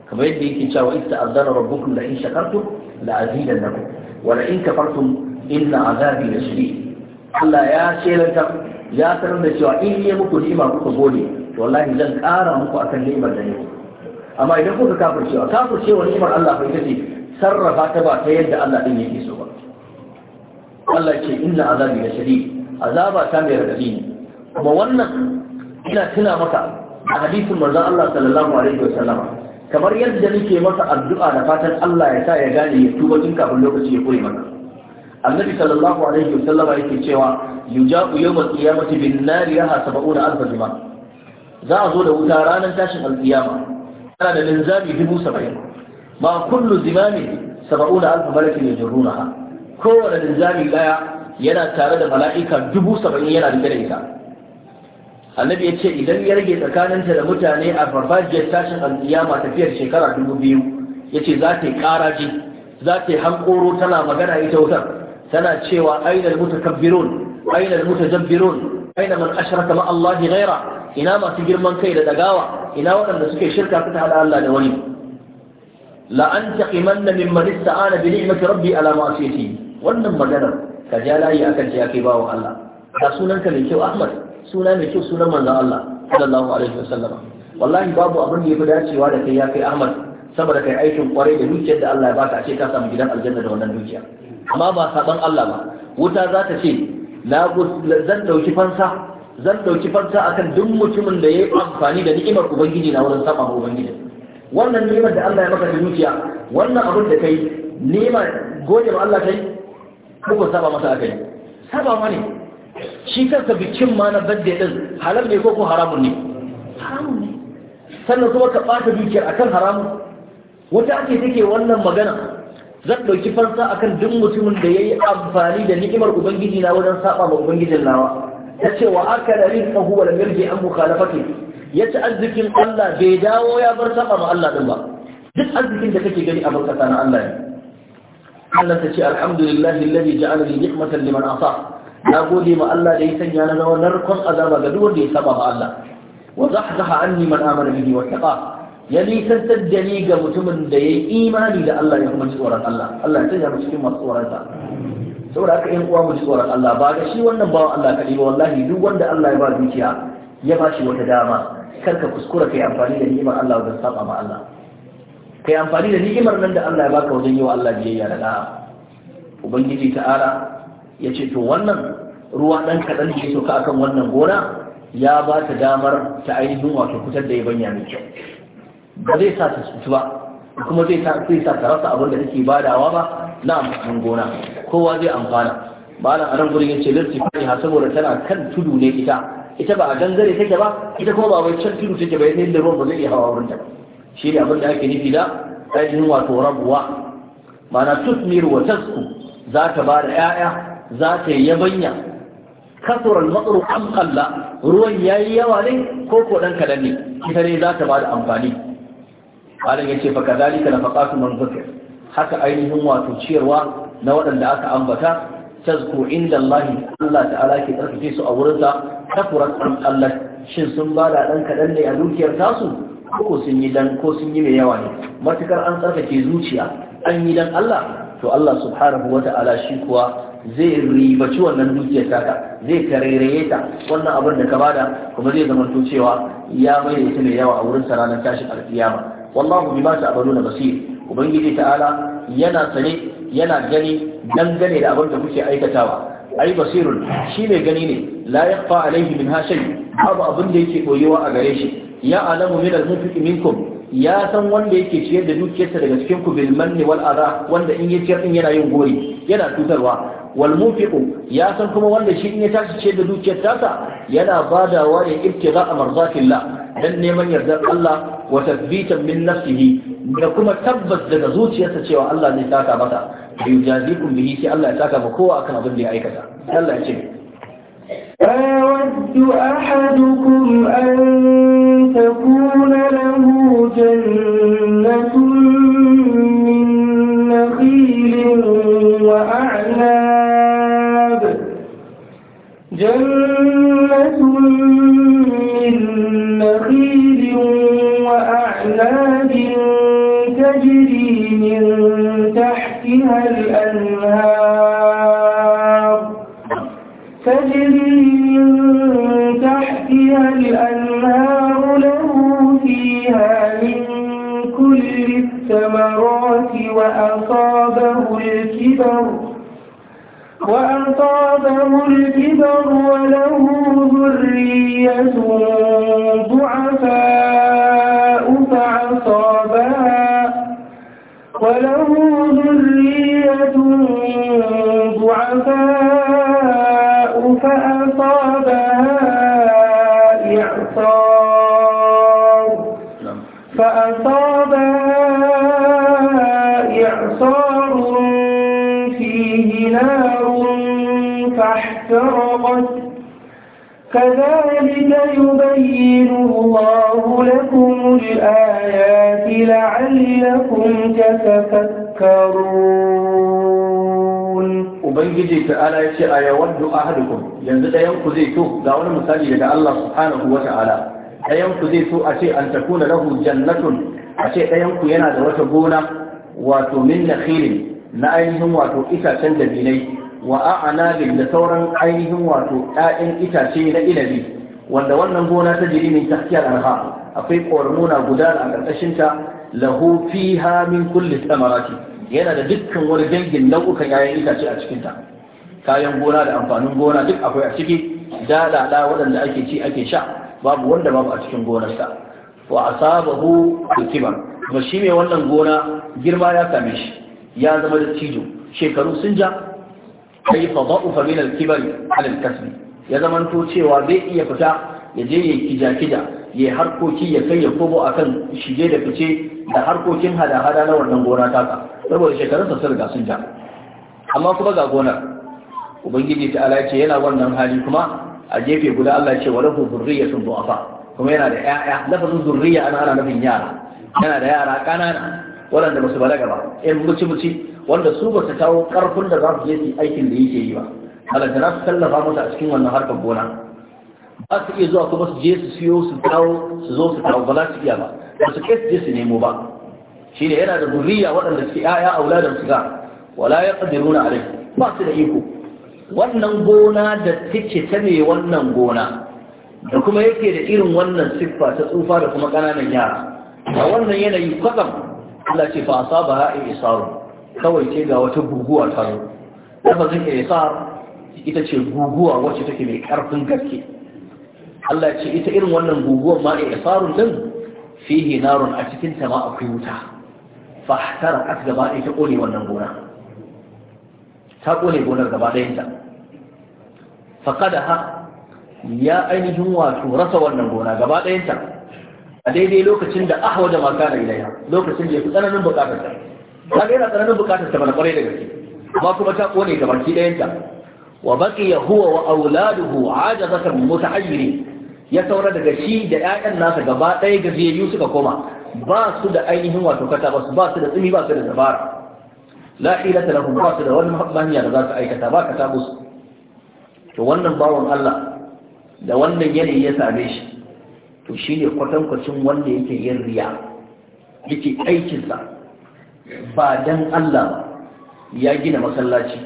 kamar yadda yake cewa ita azana rabbukum la in shakartum la azidannakum wa la in kafartum inna azabi lashadid Allah ya shelanta ya sanar da cewa in yi muku ni'ima kuka gode wallahi zan kara muku akan ni'imar da ne amma idan kuka kafircewa kafircewa ni'imar Allah fa ita ce sarrafa ta ba ta yadda Allah din yake so ba Allah ce inna azabi la shadid azaba ta mai radadi ne kuma wannan ina tuna maka a hadisin manzon Allah sallallahu alaihi wasallam kamar yadda nake masa addu'a da fatan Allah ya sa ya gane ya tuba tun kafin lokaci ya kure maka annabi sallallahu alaihi wasallam yake cewa yuja'u yawmal qiyamati bin nar yaha 70000 jama'a za a zo da wuta ranar tashin alkiyama yana da linzami dubu saba'in ma kullu zimami saba'una alfa malakin yajrunaha kowane linzami daya yana tare da mala'ika dubu saba'in yana rike da ita annabi ya ce idan ya rage tsakaninta da mutane a farfajiyar tashin alƙiyama tafiyar shekara dubu biyu ya ce za ta yi ƙaraji za ta yi hankoro tana magana ita wutar tana cewa aina mutakabbirun aina mutajabbirun aina man ashraka ma Allahi ghaira ina masu girman kai da dagawa ina waɗanda suke shirka suka hada Allah da wani la an taqimanna mimman ista'ana bi ni'mati rabbi ala ma'siyati wannan magana ka ja layi akan ce yake bawo Allah ka sunanka mai kyau Ahmad suna mai kyau sunan manzon Allah sallallahu alaihi wasallam wallahi babu abin da yafi dacewa da kai ya kai Ahmad saboda kai aikin kwarai da dukiyar da Allah ya baka a ce ka samu gidan aljanna da wannan dukiya amma ba saban Allah ba wuta za ta ce na zan dauki fansa zan ɗauki farta akan duk mutumin da ya yi amfani da ni'imar ubangiji na wurin saba ma ubangiji wannan ni'imar da Allah ya maka da zuciya wannan abin da kai ni'ima goje ma Allah kai ko saba masa kai. saba ma ne shi kansa bikin ma na birthday din halal ne ko ko haramun ne haramun ne sannan kuma ka ɓata dukiya akan haramun wata ake take wannan magana zan ɗauki farsa akan duk mutumin da ya yi amfani da ni'imar ubangiji na wajen saba ma ubangijin nawa ya ce wa aka da rinka huwa da mirji an mukhalafati ya ci arzikin Allah bai dawo ya bar saba ma Allah din ba duk arzikin da kake gani a barkata na Allah ne Allah ta ce alhamdulillah alladhi ja'ala li ni'matan liman asa na gode ma Allah da ya sanya na zama narkon azaba ga duk wanda ya saba ma Allah wa zahzaha anni man amana bihi wa taqa ya nisantar da ni ga mutumin da ya yi imani da Allah ya kuma tsoron Allah Allah ya sanya mu cikin masu tsoronsa saboda haka yan uwa mu ji tsoron Allah ba ga shi wannan bawan Allah kadai ba wallahi duk wanda Allah ya ba dukiya ya ba shi wata dama kar ka kuskura ka kai amfani da ni'imar Allah wajen saba ma Allah kai amfani da ni'imar nan da Allah ya baka wajen yi wa Allah biyayya da da'a ubangiji ta'ala ya ce to wannan ruwa dan kadan da ya soka akan wannan gona ya ba ta damar ta ainihin wato kutar da yabanya mai kyau ba zai sa ta cutu ba kuma zai sa ta rasa abin da take badawa ba na amfanin gona kowa zai amfana malam a nan gurin yace ni ha saboda tana kan tudu ne ita ita ba a gangare take ba ita kuma ba wai can tudu take ba yayin da ruwan ba zai hawa wurin ta shi ne abin da ake nufi da ainihin wato rabuwa mana tusmir wa tasku za ta ba da 'ya'ya za ta yabanya al-maqru am qalla ruwan yayi yawa ne ko ko dan kadan ne ita ne za ta ba da amfani malam yace fa kadalika nafaqatu man zakir haka ainihin wato ciyarwa na waɗanda aka ambata tazku inda Allah Allah ta'ala ke tsarkake su a wurinsa ta furar Allah shin sun ba da ɗan kaɗan ne a dukiyar tasu ko sun yi dan ko sun yi mai yawa ne matukar an tsarkake zuciya an yi dan Allah to Allah subhanahu wa ta'ala shi kuwa zai ribaci wannan dukiyar taka zai kareraye ta wannan abin da ka bada kuma zai zama cewa ya mai da mai yawa a wurin sa ranar tashin alkiyama wallahu bima ta'maluna basir ubangiji ta'ala yana sane yana gani dangane da abin da kuke aikatawa ai basirun shi mai gani ne la yaqfa alaihi min hashay abu abin da yake koyewa a gare shi ya alamu min al-munfiq minkum ya san wanda yake ciyar da dukiyarsa daga cikin ku bil manni wal adha wanda in ya din yana yin gori yana tutarwa wal ya san kuma wanda shi in ya tashi ciyar da dukiyar tasa yana badawa ne ibtiga amrzatillah dan neman yardar Allah wa tathbitan min nafsihi da kuma tabbas daga zuciyarsa cewa Allah zai saka masa bi yujadikum bihi sai Allah ya saka ma kowa akan abin da ya aikata Allah ya ce أود أحدكم أن تكون له جنة الثمرات وأصابه الكبر وأصابه الكبر وله ذرية ضعفاء فعصابها وله ذرية ضعفاء فأصابها نار فاحترقت كذلك يبين الله لكم الآيات لعلكم تتفكرون وبنجيك على شيء يود أحدكم ينزل ينكو زيتو دعونا مثال لك الله سبحانه وتعالى ينكو زيتو أشيء أن تكون له جنة أشيء ينكو ينعز وتبونا وتمن خير na ainihin wato itacen dabinai wa a'anabin da sauran ainihin wato 'ya'yan itace na inabi wanda wannan gona ta jiri min tahtiya akwai ƙormuna guda a ƙarƙashin ta lahu fiha min kulli samarati yana da dukkan wani dangin nau'ukan 'ya'yan itace a cikin ta kayan gona da amfanin gona duk akwai a ciki dalala waɗanda ake ci ake sha babu wanda babu a cikin gonarsa wa asabahu al-kibar ba shi mai wannan gona girma ya same shi ya zama da cijo shekaru sun ja kai fa da'ufa min al-kibari kasbi ya zamanto cewa zai iya fita ya je ya kija kija ya harkoki ya kai ya kobo akan shige da fice da harkokin hada hada na wannan gona taka saboda shekarun sa riga sun ja amma kuma ga gonar ubangiji ta ala ce yana wannan hali kuma a gefe guda Allah ce wa lahu dhurriyyatun du'afa kuma yana da 'ya'ya lafazin zurriya ana ana nufin yara yana da yara ƙanana waɗanda ba su balaga ba yan muci muci wanda su ba su kawo ƙarfin da za su je su aikin da yake yi ba halatta za su tallafa masa a cikin wannan harkar gona ba su iya zuwa kuma su je su siyo su kawo su zo su kawo ba za su iya ba ba su kai su je su nemo ba shi ne yana da zuriya waɗanda suke ‘ya'ya a wuladan su ga wala ya ƙadiru a alai ba su da iko wannan gona da take ta ne wannan gona da kuma yake da irin wannan siffa ta tsufa da kuma ƙananan yara a wannan yanayi kwatsam Allah ce fa asaba ha isaru kawai ce ga wata guguwa ta zo lafazin isar ita ce guguwa wacce take mai karfin gaske Allah ce ita irin wannan guguwar ma isarun din fihi narun a cikin ta ma akwai wuta fa hatara gaba ita kone wannan gona ta kone gonar gaba Fa ta ha ya ainihin wato rasa wannan gona gaba a daidai lokacin da ahwa da maka na ilaiha lokacin da ya fi tsananin bukatar ta kaga yana tsananin bukatar ta bana kwarai da gaske amma kuma ta kone ga baki ɗayanta wa baqiya huwa wa auladuhu ajazatan muta'ayyirin ya saura daga shi da ƴaƴan nasa gaba ɗaya gajiyayyu suka koma ba su da ainihin wato kata ba su ba su da tsimi ba su da dabara la ta lahum ba su da wani hanya da za su aikata ba ka ta musu to wannan bawan Allah da wannan yanayi ya same shi to shi ne kwatankwacin wanda yake yin riya yake aikinsa ba don Allah ya gina masallaci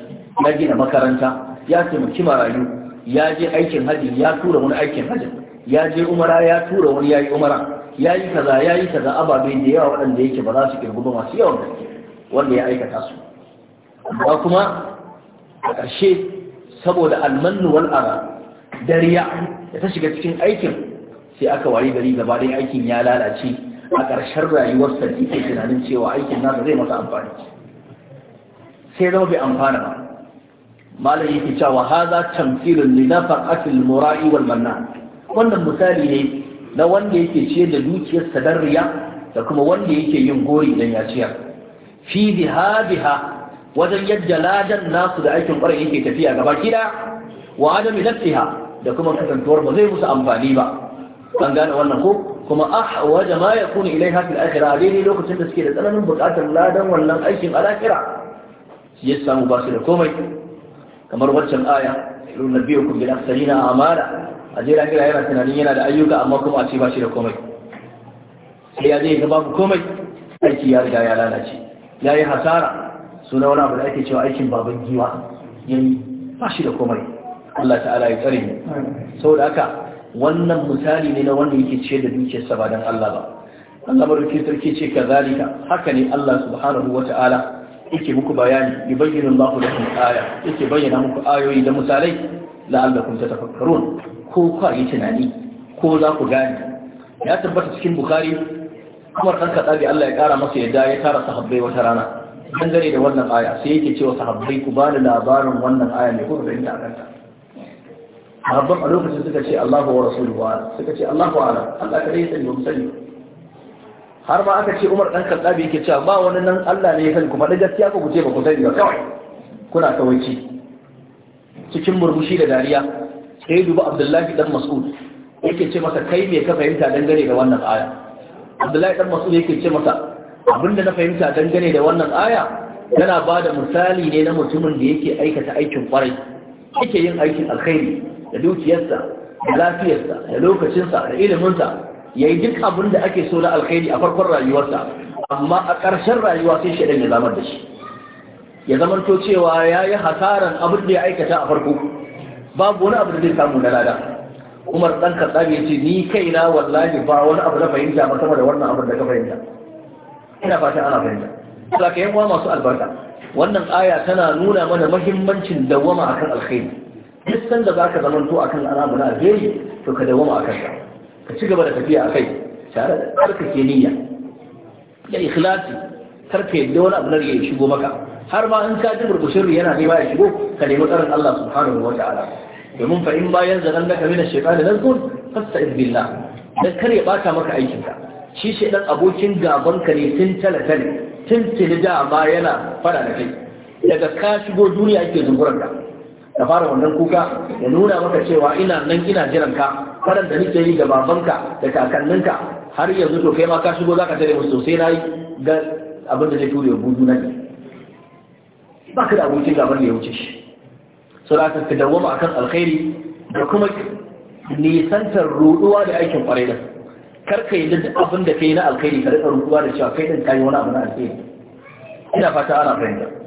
ya gina makaranta ya taimaki marayu ya je aikin haji ya tura wani aikin hajji ya je umara ya tura wani ya yi umara ya yi kaza ya yi kaza ababe da yawa waɗanda yake ba za su kirgu ba masu yawan gaske wanda ya aikata su ba kuma a ƙarshe saboda almannu wal ara da riya da ta shiga cikin aikin sai aka wari gari gaba dai aikin ya lalace a ƙarshen rayuwarsa da yake tunanin cewa aikin nasa zai masa amfani sai zama bai amfana ba malam yake cewa haza tamthilun li nafaqatil mura'i wal manna wannan misali ne na wanda yake ciyar da dukiyarsa dan riya da kuma wanda yake yin gori dan ya ciyar fi biha wajen yadda ladan nasu da aikin ƙwarai yake tafiya gaba kida wa adami nafsiha da kuma kasantuwar ba zai musu amfani ba an gane wannan ko kuma ahwaja ma ilai ilaiha fil a daidai lokacin da suke da tsananin buƙatar ladan wannan aikin al'akira, lahira ya samu ba su da komai kamar waccan aya irin nabiyukum bil akhsarina amara. a je lahira yana tunanin yana da ayyuka amma kuma a ce ba shi da komai sai ya je ya babu komai aiki ya riga ya lalace ya yi hasara suna wani abu da ake cewa aikin baban giwa yayi ba shi da komai Allah ta'ala ya tsare mu saboda haka wannan misali ne na wanda yake ce da dukiyarsa ba dan Allah ba Allah barkin sarki ce kazalika haka ne Allah subhanahu wata'ala yake muku bayani yubayyinu Allahu lakum aya yake bayyana muku ayoyi da misalai la'allakum tatafakkarun ko ku yi tunani ko za ku gane ya tabbata cikin bukhari Umar dan Khattabi Allah ya kara masa yadda ya tara sahabbai wata rana dangane da wannan aya sai yake cewa sahabbai ku bani labarin wannan aya ne ko da inda sahabban a lokacin suka ce Allahu wa rasuluhu wa suka ce Allahu ala Allah kare ya sani ba mu sani har ma aka ce Umar dan Khattabi yake cewa ba wani nan Allah ne ya sani kuma da gaskiya ko ku ce ba ku sani ba kawai kuna kawaici cikin murmushi da dariya sai duba Abdullahi dan Mas'ud yake ce masa kai me ka fahimta dangane da wannan aya Abdullahi dan Mas'ud yake ce masa abinda na fahimta dangane da wannan aya yana bada misali ne na mutumin da yake aikata aikin kwarai yake yin aikin alkhairi da dukiyarsa da lafiyarsa da lokacinsa da iliminsa ya yi duk abin da ake so na alkhairi a farkon rayuwarsa amma a ƙarshen rayuwa sai shaɗan ya zamar da shi ya zamanto cewa ya yi hasaran abin da ya aikata a farko babu wani abu da zai samu na lada umar ɗan katsabi ya ce ni kaina wallahi ba wani abu na fahimta ba sama da wannan abin da ka fahimta ina fatan ana fahimta saka yan uwa masu albarka wannan aya tana nuna mana muhimmancin dawwama akan alkhairi duk sanda za ka zamanto a kan na alheri to ka dawo a kansa ka ci gaba da tafiya a kai tare da tsarkake niyya da ikhlasi karka yadda wani abu ya shigo maka har ma in ka ji burbushin yana nema ya shigo ka nemi tsarin Allah subhanahu wa ta'ala domin fa in bayan zanen naka mina shaytan nazgun in billah dan kar ya bata maka aikinka. ka shi shaytan abokin gaban ka ne tun talata tun tilida ma yana fara da kai daga ka shigo duniya ake zunguran ka fara wannan kuka ya nuna maka cewa ina nan ina jiran ka waɗanda nake yi da babanka da kakanninka har yanzu to kai ma ka shigo zaka tare musu sosai nayi ga abin da zai ture budu na ne ba ka da abokin gaban da ya wuce shi sura ka dawwama akan alkhairi da kuma nisantar ruduwa da aikin kwarai da ka yi duk abin da kai na alkhairi ka rika ruduwa da cewa kai din kai wani abu na alkhairi ina fata ana fahimta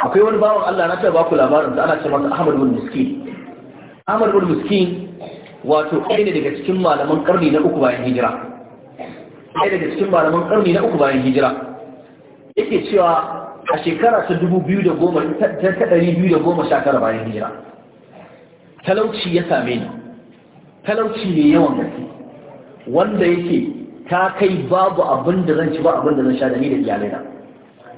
akwai wani bawan Allah na taba ku labarin da ana ce masa Ahmad bin Miskin Ahmad bin Miskin wato ɗaya ne daga cikin malaman karni na uku bayan hijira ɗaya daga cikin malaman karni na uku bayan hijira yake cewa a shekara ta 2010 ta 2019 bayan hijira talauci ya same ni talauci ne yawan gaske wanda yake ta kai babu abin da zan ci ba abin da zan sha da ni da iyalaina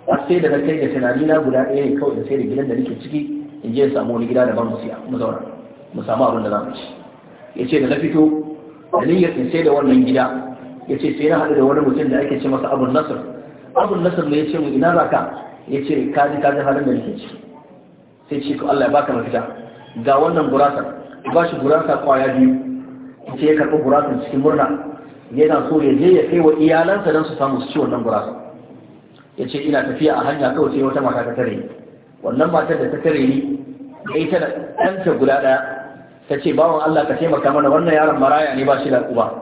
A sai da na kai da tunani na guda ɗaya ne kawai da sai da gidan da nake ciki in je samu wani gida daban mu siya mu zauna mu samu abin da za mu ci ya ce da na fito da niyyar in sai da wannan gida ya ce sai na haɗu da wani mutum da ake ce masa abun nasir abun nasir ne ya ce mu ina za ka ya ce ka ji ka ji halin da nake ciki sai ce ko Allah ya baka mafita ga wannan gurasa, ba shi gurasa kwaya biyu ce ya karɓi gurasa cikin murna yana so ya je ya kai wa iyalansa don su samu su ci wannan gurasa. ya ce ina tafiya a hanya kawai sai wata mata ta tare wannan matar da ta tare ni da ita da ɗanta guda ɗaya ta ce bawan Allah ka taimaka mana wannan yaron maraya ne ba shi da uba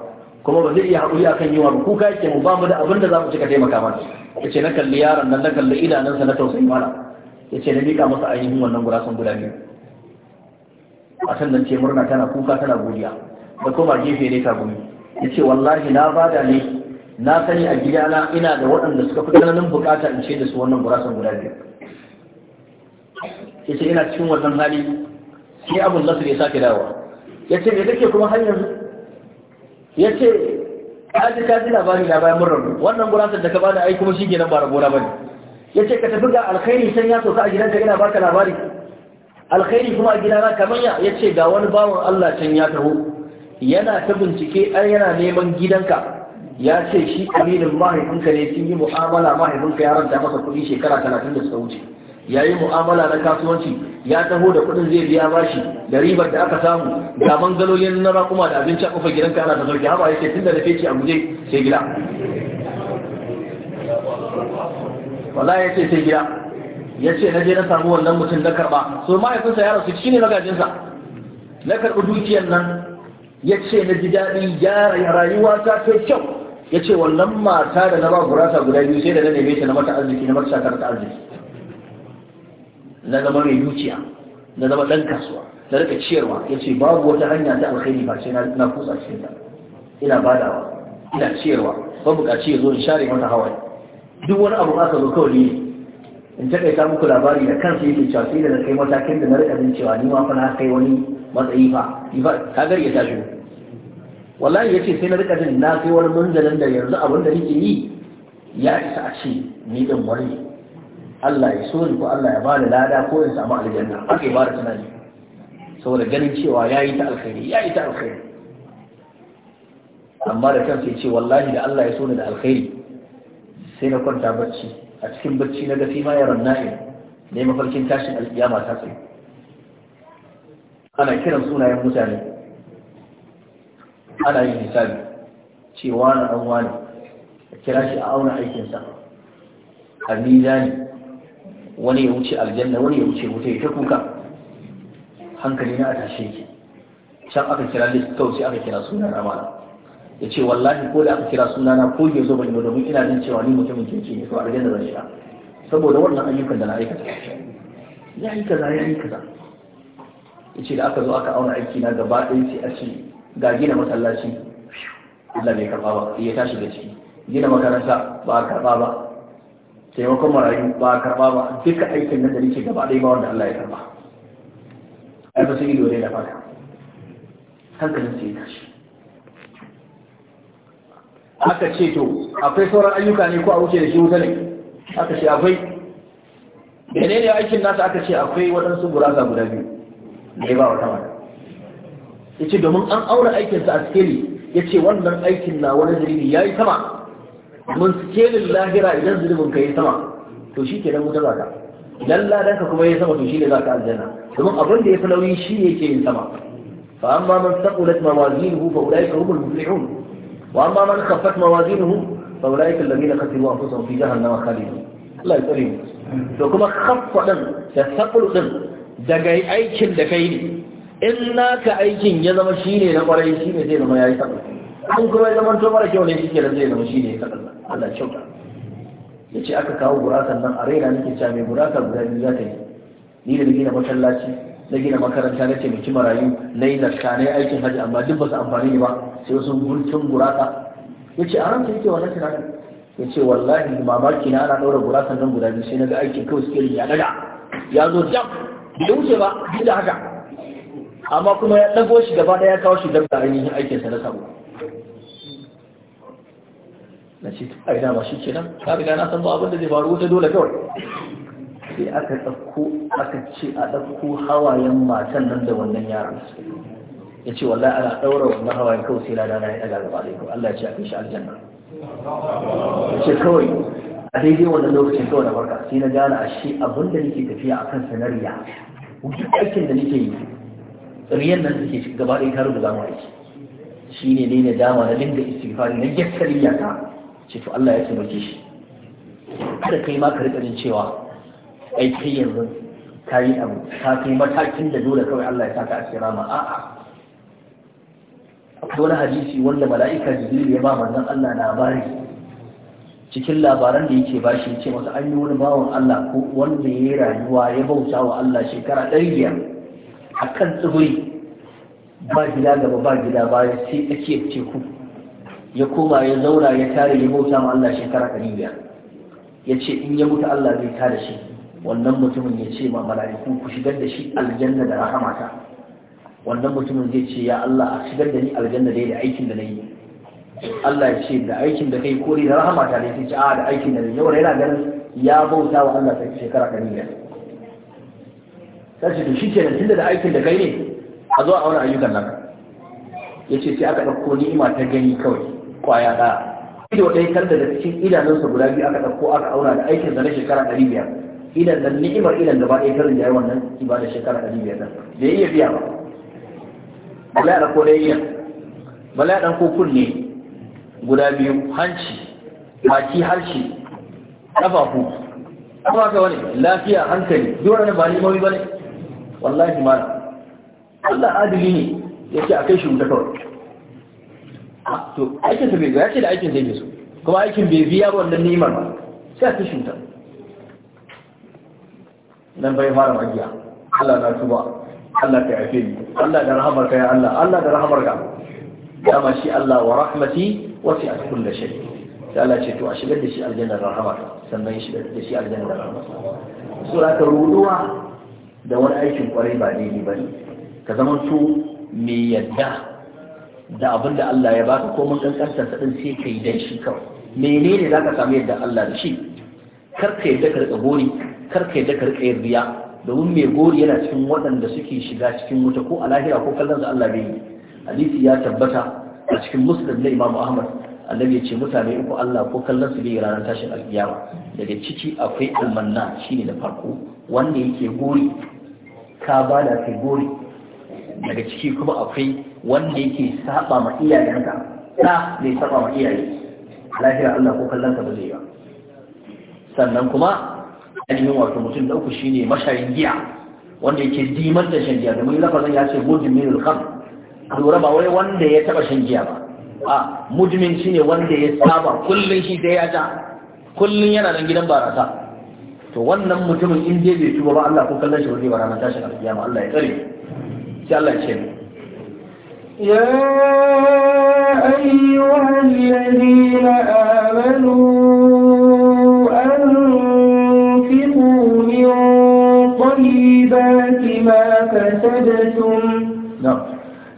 kuma ba zai iya haƙuri akan yiwa ba kuka yake mu ba mu da abin da za mu ci ka taimaka mana ya ce na kalli yaron nan na kalli idanunsa na tausayi mana ya ce na miƙa masa ainihin wannan gurasan guda biyu a sannan ce murna tana kuka tana godiya da kuma gefe ne ta gumi ya ce wallahi na bada ne na sani a gidana ina da waɗanda suka fi ganin bukata in ce da su wannan gurasan guda biyu ya ce ina cikin wannan hali sai abun nasir ya sake dawa ya ce me kake kuma hanyar. ya ce ji ka ji labari na bayan murar wannan gurasan da ka bada ai kuma shi ke nan ba rabona ba ne ya ce ka tafi ga alkhairi san ya sauka a gidanka ina baka labari alkhairi kuma a gidana kamar ya ya ce ga wani bawan Allah can ya taho yana ta bincike ai yana neman gidanka ya ce shi aminin mahaifinka ne sun yi mu'amala mahaifinka ya ranta masa kuɗi shekara talatin da suka wuce ya yi mu'amala na kasuwanci ya taho da kuɗin zai biya bashi da ribar da aka samu ga mangalolin na rakuma da abinci a kofar gidanka ana ta sauke haba yake tun da na feci a guje sai gida wala ya ce sai gida ya ce na je na samu wannan mutum na karɓa so mahaifinsa ya rasu shine ne magajinsa na karɓi dukiyar nan ya ce na ji daɗi ya rayuwa ta kai kyau ya ce wannan mata da na ba gurasa guda biyu sai da na neme ta na mata arziki na mata ta arziki na zama mai zuciya na zama ɗan kasuwa na rika ciyarwa ya ce babu wata hanya ta alkhairi ba sai na kusa cikin ta ina badawa ina ciyarwa ba buƙaci ya zo in share mata hawaye duk wani abu aka zo kawai ne in taƙaita muku labari da kansa yake cewa sai da na kai matakin da na rika jin cewa ni ma fa na kai wani matsayi fa ni fa ka gari ya tashi wallahi yace sai na rika jin na kai wani munzalin da yanzu abin da nake yi ya isa a ce ni din wani Allah ya so ko Allah ya bani lada ko in samu aljanna ake ba da tunani saboda ganin cewa ya yi ta alkhairi ya yi ta alkhairi amma da kansa ya ce wallahi da Allah ya so ni da alkhairi sai na kwanta bacci a cikin bacci na gafi ma yaran na'im ne mafarkin tashin alkiyama ta tsaye ana kiran sunayen mutane ana yin hisabi cewa na dan wani a kira shi a auna aikinsa a mizani wani ya wuce aljanna wani ya wuce wuta ya ta kuka hankali na a tashe ki can aka kira list kawai sai aka kira suna na amana ya ce wallahi ko da aka kira suna na ko ya zo bane domin ina jin cewa ni mutumin kirki ne to aljanna gidan zan shiga saboda wannan ayyukan da na aikata ya yi kaza ya yi kaza ya ce da aka zo aka auna aiki na gaba ɗaya sai a ce ga gina masallaci Allah bai karba ba ya tashi da ciki gina makaranta ba a karba ba taimakon marayu ba a karba ba duka aikin nazari da gaba ɗaya ba wanda Allah ya karba ai ba su yi ne da fata hankalin su ya tashi aka ce to akwai sauran ayyuka ne ko a wuce da shi wuta ne aka ce akwai menene aikin nasa aka ce akwai waɗansu gurasa guda biyu da ya ba wata mata ya ce domin an aure aikinsa a sikeli ya ce wannan aikin na wani zunubi ya yi sama mun sikelin lahira idan zunubin ka yi sama to shi ke nan wuta za idan ladan ka kuma ya sama to shi ne za ka aljanna domin abin da ya fi nauyi shi ne ke yin sama fa amma man saqulat mawazinuhu fa ulaika humul muflihun wa amma man khaffat mawazinuhu fa ulaika alladhina khasiru anfusahum fi jahannama khalidun Allah ya tsare mu to kuma khaffa din da saqul din daga aikin da kai ne in naka aikin ya zama shi ne na kwarai shi ne zai zama ya yi sadaka an kuma ya zama to mara kyau ne shi ke da zai zama shi ne sadaka Allah kyauta ya ce aka kawo gurasan nan a raina nake cewa mai gurasa guda biyu za ta yi ni da gina masallaci na gina makaranta na taimaki marayu na yi zarka na yi aikin hajji amma duk ba su amfani ne ba sai wasu gurkin gurasa ya ce a ranta yake wannan tunanin ya ce wallahi mamaki na ana ɗaura gurasan nan guda biyu sai na ga aikin kawai suke ya daga ya zo jam bai wuce ba duk da haka amma kuma ya ɗago shi gaba ɗaya kawo shi dab da aikin sa na sabo na ce a ina ba shi ke nan ka na san ba abin da zai faru wuta dole kawai sai aka ɗauko aka ce a ɗauko hawayen matan nan da wannan yaron ya ce wallahi ana ɗaura wannan hawayen kawai sai lada na ya ɗaga gaba da Allah ya ce a kai shi aljanna ya ce kawai a daidai wannan lokacin kawai na farka sai na gane a shi abin da nake tafiya a kan sanariya wuce aikin da nake yi riyan nan suke gaba ɗaya ta da zama aiki shi ne ne na dama na dinga istighfari na yakkari ya ta ce to Allah ya taimake shi kada kai ma ka rika jin cewa ai yanzu ka yi abu ka kai matakin da dole kawai Allah ya saka a cikin a'a akwai wani hadisi wanda mala'ika jibril ya ba manzon Allah labari cikin labaran da yake ba shi ce masa an yi wani bawan Allah ko wanda ya yi rayuwa ya bauta wa Allah shekara ɗari biyar a kan tsibiri ba gida gaba ba gida baya sai tsakiyar teku ya koma ya zauna ya tare ya bauta ma Allah shekara ɗari biyar ya ce in ya mutu Allah zai tare shi wannan mutumin ya ce ma mala'iku ku shigar da shi aljanna da rahamata wannan mutumin zai ce ya Allah a shigar da ni aljanna dai da aikin da na yi Allah ya ce da aikin da kai kori da rahamata ne sai ce a da aikin da na yi yau yana ganin ya bauta wa Allah shekara ɗari biyar sai ce to shi kenan tunda da aikin da kai ne a zo a auna ayyukan naka ce sai aka ɗauko ni'ima ta gani kawai kwaya ɗaya ido ɗaya kar da cikin idanunsa guda biyu aka ɗauko aka auna da aikin da na shekara ɗari biyar idan nan ni'imar idan ba ɗaya karin da ya yawan ba da shekara ɗari biyar nan da ya iya biya ba bala ya ɗauko ɗaya bala ya ɗauko kunne guda biyu hanci baki harshe ƙafafu kuma ka wani lafiya hankali duk wani ba ni ba ne wallahi ma Allah adili ne ya ce a kai shi kawai ah, to aikin sa bai ya ce da aikin zai so kuma aikin bai biya wannan neman ba sai a kai shi wuta nan bai fara magiya Allah na tuba Allah ka yafe ni Allah da rahamar ka ya Allah Allah da rahamar ka dama shi Allah wa rahmati wasi'at kulli shay sai Allah ce to a shigar da shi aljanna rahama sannan shi da shi aljannar rahama sura ta ruduwa da wani aikin kwarai ba daidai ba ne ka zama su mai yadda da abin da Allah ya baka ko mun kankantar ta din sai kai dan shi kawai menene ka samu yadda Allah da shi kar ka yadda ka rika gori kar ka yadda ka rika riya domin mai gori yana cikin waɗanda suke shiga cikin wuta ko a lahira ko kallon Allah bai yi hadisi ya tabbata a cikin muslim na Imam Ahmad annabi ce mutane uku Allah ko kallon su bai ranar tashin alkiyama daga ciki akwai almanna shine da farko wanda yake gori ka ba da kai gori daga ciki kuma akwai wanda yake saba ma iyayenka da mai saba ma iyaye lafiya Allah ko kallon ka ba zai ba sannan kuma ainihin wato mutum da uku shine mashayin giya wanda yake dimar da shan giya domin lafazin ya ce gudun minul khamr lura ba wai wanda ya taba shan giya ba a mujmin ne wanda ya saba kullum shi sai ya ja kullum yana nan gidan barasa to wannan mutumin in je bai tuba ba Allah ko kallon shi wani ba ranar tashin ba Allah ya tsare sai Allah ya ce ya ayyuhal ladina amanu anfiqu min tayyibati ma kasabtum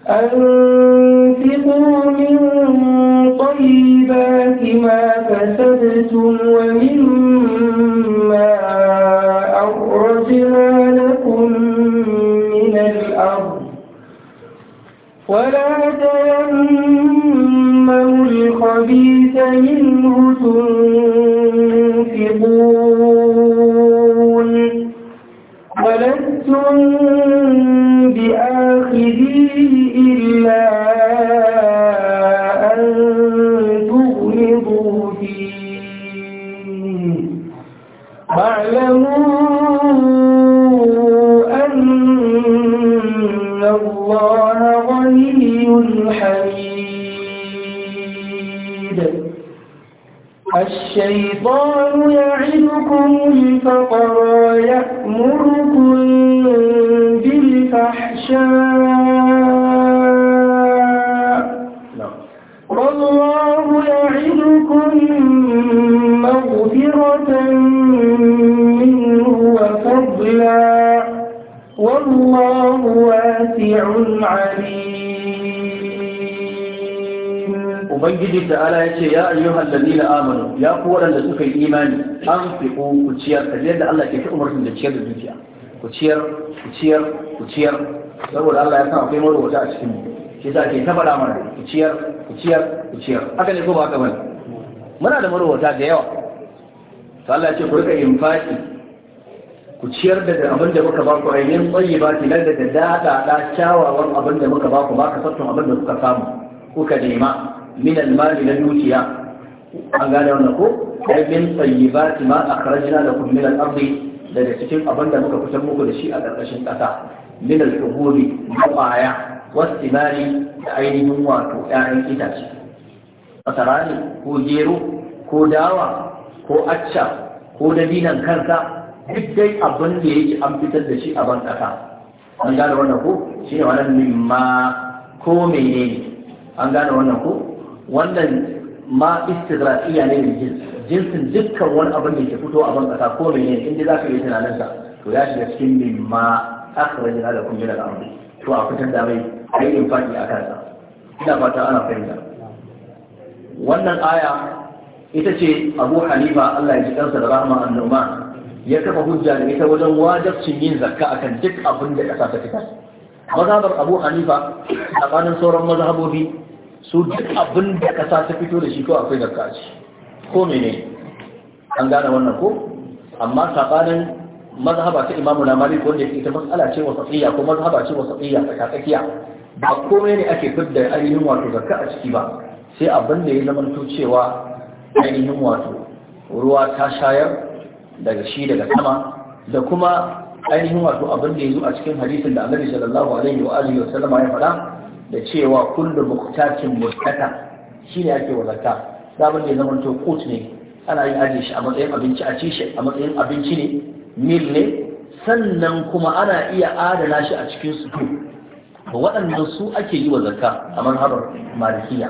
أنفقوا كسبتم ومما أخرجنا لكم من الأرض ولا تيمموا الخبيث منه تنفقون الفقراء يأمركم بالفحشاء والله يعدكم مغفرة منه وفضلا والله واسع عليم جديد تعالى يا أيها الذين آمنوا يا قوة لسوك الإيمان an fi ko ku ciyar ta yadda Allah ke ta umarcin da ciyar da dukiya ku ciyar ku ciyar ku ciyar saboda Allah ya san akwai marwata a cikin mu shi yasa ke ta faɗa mana ku ciyar ku ciyar ku ciyar haka ne ko ba haka bane muna da marwata da yawa to Allah ya ce ku rika infaki ku ciyar da abin da muka ba ku ainihin tsayi ba ki nan da dada da kyawawan abin da muka ba ku ba ka sattun abin da kuka samu kuka nema min al almali na dukiya an gane wannan ko ai aibin tsayyibati ma akhrajna lakum min al-ardi daga cikin abin da muka fitar muku da shi a ƙarƙashin ƙasa min al-tuhuri mabaya wasimari da ainihin wato 'ya'yan itace masara ne ko gero ko dawa ko acca ko dabinan kansa duk dai abin da yake an fitar da shi a ban ƙasa an gane wannan ko shi ne wannan mimma ko menene an gane wannan ko wannan ma istigrafiya ne min jins jinsin dukkan wani abin da ke fito a ban kasa ko ne inda za ka yi tunanin sa to ya shiga cikin min ma akhraja halakum min al-ardi to a fitar da mai ayi faɗi a kansa ina fata ana fahimta wannan aya ita ce Abu Hanifa Allah ya ji kansa da rahama annuma ya kafa hujja da ita wajen wajabcin yin zakka akan duk abin da kasa ta fitar mazhabar Abu Hanifa tsakanin sauran mazhabobi su duk abin da kasa ta fito da shi ko akwai zakka ce ko mene an gane wannan ko amma sabanin mazhaba ta imamu na malik wanda ita mas'ala ce safiya ko mazhaba ce safiya ta tsakiya ba komai ne ake fidda ainihin wato zakka a ciki ba sai abin da ya zama cewa ainihin wato ruwa ta shayar daga shi daga sama da kuma ainihin wato abin da ya zo a cikin hadisin da annabi sallallahu alaihi wa alihi wa sallama ya faɗa da cewa kullu muqtatin mutaka shi ne ake wadata sabon ne zaman to kut ne ana yin aje shi a matsayin abinci a ci shi a matsayin abinci ne mil ne sannan kuma ana iya adana shi a cikin su to waɗannan su ake yi wa zakka a manhajar malikiya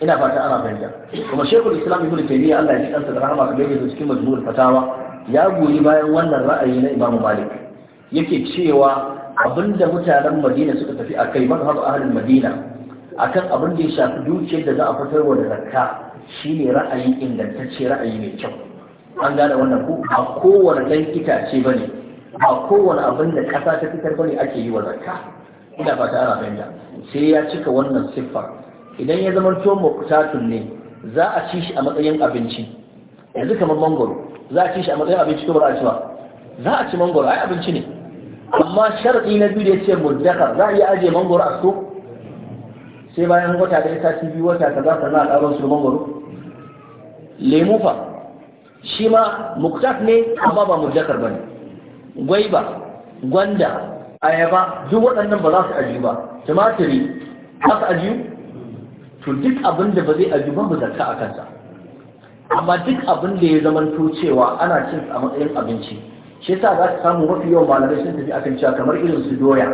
ina fata ana fahimta kuma shekul islam ibn taymiya Allah ya ji kansa da rahama ga yake cikin majmu'ul fatawa ya goyi bayan wannan ra'ayi na imamu malik yake cewa abinda mutanen madina suka tafi a kai mazhab ahlul madina akan abin da ya shafi dukiyar da za a fitar wa da zakka shine ra'ayi ingantacce ra'ayi mai kyau an gane wannan ko a kowane dan itace bane a kowane abin da ƙasa ta fitar bane ake yi wa zakka ina fata ana fahimta sai ya cika wannan siffar idan ya zama to muqtatun ne za a ci shi a matsayin abinci yanzu kamar mangoro za a ci shi a matsayin abinci ko ba a ci ba za a ci mangoro ai abinci ne amma sharɗi na biyu da ya ce muddakar za a iya ajiye mangoro a su sai bayan wata da ta ci biyu wata kaza kaza a ƙarar su mangoro lemu fa shi ma muktas ne amma ba muddakar ne. gwaiba gwanda ayaba duk waɗannan ba za su ajiyu ba tumatiri za su ajiyu to duk abin da ba zai ajiyu ba mu zakka a kansa amma duk abin da ya zamanto cewa ana cin a matsayin abinci shi yasa za su samu mafi yawan malamai sun tafi akan cewa kamar irin su doya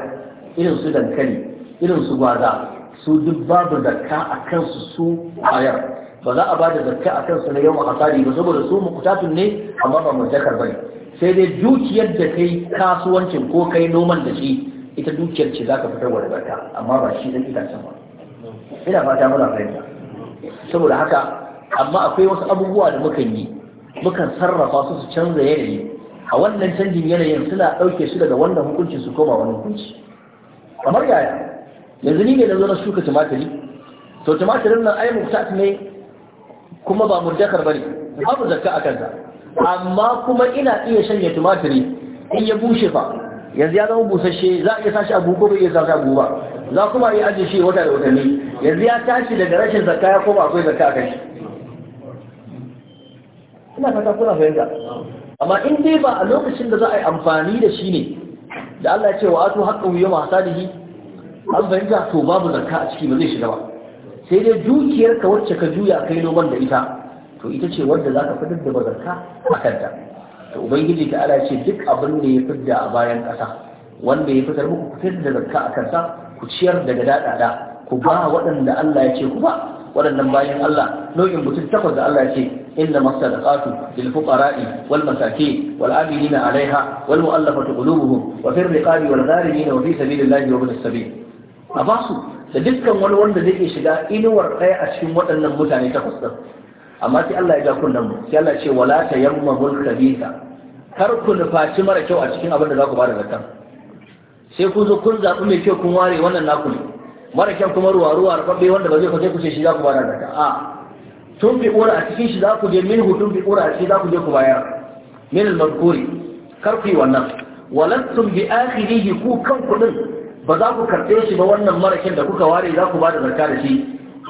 irin su dankali irin su gwaza su duk babu zakka a kansu su ayar ba za a ba da zakka a kansu na yau a hasari ba saboda su mukutatun ne amma ba mallakar bane sai dai dukiyar da kai kasuwancin ko kai noman da shi ita dukiyar ce za ka fitarwa da zakka amma ba shi dan itacen ba ina fata muna fahimta saboda haka amma akwai wasu abubuwa da mukan yi mukan sarrafa su su canza yanayi a wannan canjin yanayin suna ɗauke su daga wannan hukuncin su koma wani hukunci kamar yaya yanzu ni ne na zo na shuka tumatiri to tumatirin nan ai muktat ne kuma ba murjakar bane babu zakka a kansa amma kuma ina iya shanye tumatiri in ya bushe fa yanzu ya zama busasshe za a iya sashi a ko bai iya sashi abu ba za kuma iya ajiye shi wata da watanni yanzu ya tashi daga rashin zakka ya koma akwai zakka a shi ina kuna fahimta amma in dai ba a lokacin da za a yi amfani da shi ne da Allah ya ce wa ato haqqahu yawma hasadihi an fahimta to babu zarka a ciki ba zai shiga ba sai dai dukiyar ka wacce ka juya kai noman da ita to ita ce wanda zaka fitar da bazarka a kanta to ubangiji ta ala ce duk abin da ya fidda a bayan kasa. wanda ya fitar muku fitar da zarka a kansa ku ciyar daga daɗaɗa ku ba waɗanda Allah ya ce ku ba waɗannan bayan Allah nau'in mutum takwas da Allah ya ce إنما الصدقات للفقراء والمساكين والعاملين عليها والمؤلفة قلوبهم وفي الرقاب والغارمين وفي سبيل الله وابن السبيل أباسو تدكا والوان ذي شداء إنو ورقاء أشهم وأن المتاني تخصر أما تي الله إذا كنا تي الله شيء ولا تيمم الخبيثة kar ku nufaci mara kyau a cikin abin da za ku bada zakka sai ku zo kun zaɓi mai kyau kun ware wannan naku ne mara kyau kuma ruwa ruwa rubabbe wanda ba zai kwace ku sai shi za ku bada zakka a tun fi ura a cikin shi za ku je min hutun fi ura a cikin za ku je ku bayar min al-mazkuri kar ku yi wannan walastum bi akhirihi ku kan kudin ba za ku karɓe shi ba wannan marakin da kuka ware za ku ba da zakka da shi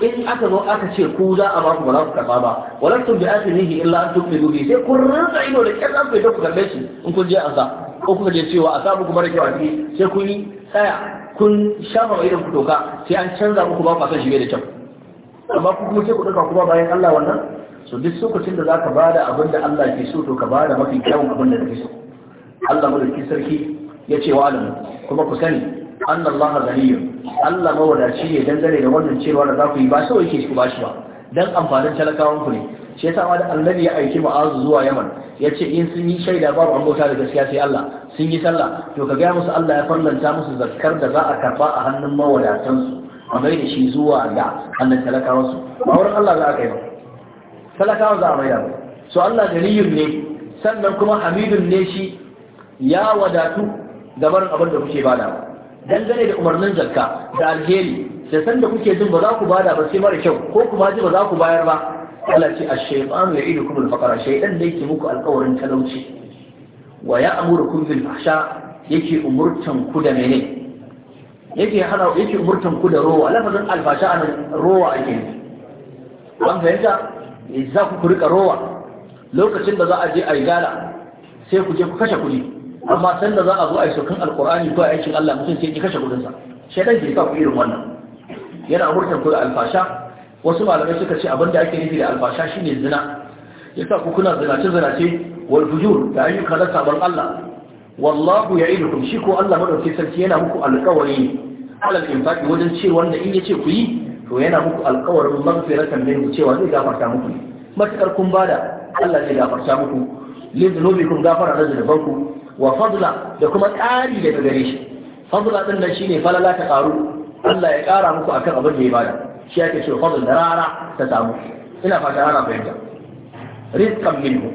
in aka zo aka ce ku za a ba ku ba za ku karɓa ba walastum bi akhirihi illa an tuqbidu bi sai kun rinsa ido da kyan zaku da ku karɓe shi in kun je an sa ko kuka je cewa a sa muku mara kyau a ciki sai kun yi tsaya kun shafa wa irin ku doka sai an canza muku ba ku san shi da kyau amma ku kuma sai ku ɗauka kuma bayan Allah wannan so duk lokacin da zaka bada abin da Allah ke so to ka bada mafi kyawun abin da kake so Allah mulki sarki ya ce wa alamu kuma ku sani annallaha ghaniyyun Allah mawadaci ne dangane da wannan cewa da za ku yi ba sai yake ku bashi ba dan amfanin talakawan ku ne shi yasa ma da annabi ya aiki mu'azu zuwa Yaman ya ce in sun yi shaida babu an bauta da gaskiya sai Allah sun yi sallah to ka gaya musu Allah ya fallanta musu zakkar da za a karba a hannun mawadatan su a mai da shi zuwa ga annan talakawa ba wurin Allah za a kai ba talakawa za a mai da ba so Allah ganiyun ne sannan kuma hamidun ne shi ya wadatu gaban abin da kuke bada dangane da umarnin zakka da alheri da san da kuke jin ba za ku bada ba sai mara kyau ko kuma ji ba za ku bayar ba Allah ce ash-shaytanu ya'idukum al-faqra shaytan da yake muku alƙawarin talauci wa ya'murukum bil fahsha yake umurtan ku da menene yake hana yake umurtan ku da rowa lafazin alfasha a rowa ake an fahimta za ku rika rowa lokacin da za a je a yi gala sai ku je ku kashe kuɗi amma san da za a zo a yi saukin alkur'ani ko a aikin Allah mutum sai ki kashe kuɗinsa shaidan ki ba ku irin wannan yana murtan ku da alfasha wasu malamai suka ce abin da ake nufi da alfasha shine zina yasa ku kuna zinace zinace wal fujur da ayyuka na sabon Allah wallahu ya'idukum shi ko Allah madaukakin sarki yana muku alƙawari alal infaqi wajen ce wanda in yace ku yi to yana muku alƙawarin magfiratan minhu cewa zai gafarta muku matakar kun bada Allah zai gafarta muku lizunubikum gafara da zunubanku wa fadla da kuma ƙari daga gare shi fadla din nan shine falala ta ƙaru Allah ya ƙara muku akan abin da ya bada shi yake cewa fadl da rara ta samu ina fata ana fahimta rizqan minhu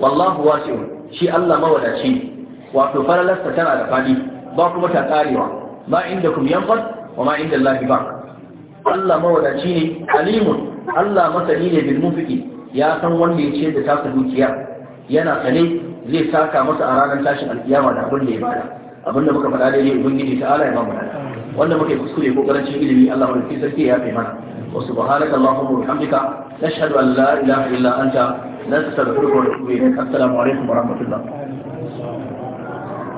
wallahu wasi'un shi Allah mawadaci ne. wato falalarsa tana da fadi ba kuma ta karewa Ba inda kum yanfad wa ma inda Allah ba Allah mawadaci ne alimun Allah masani ne bil munfiqi ya san wanda ya ce da taka dukiya yana sane zai saka masa a ranar tashin alkiyama da abin da ya bada abin da muka faɗa da daidai ubangiji ta ta'ala ya ba wanda muka yi kuskure ko karancin ilimi Allah mu rufe sarki ya kai mana wa subhanaka allahumma wa bihamdika nashhadu an la ilaha illa anta nastaghfiruka wa natubu ilayk assalamu alaikum wa rahmatullah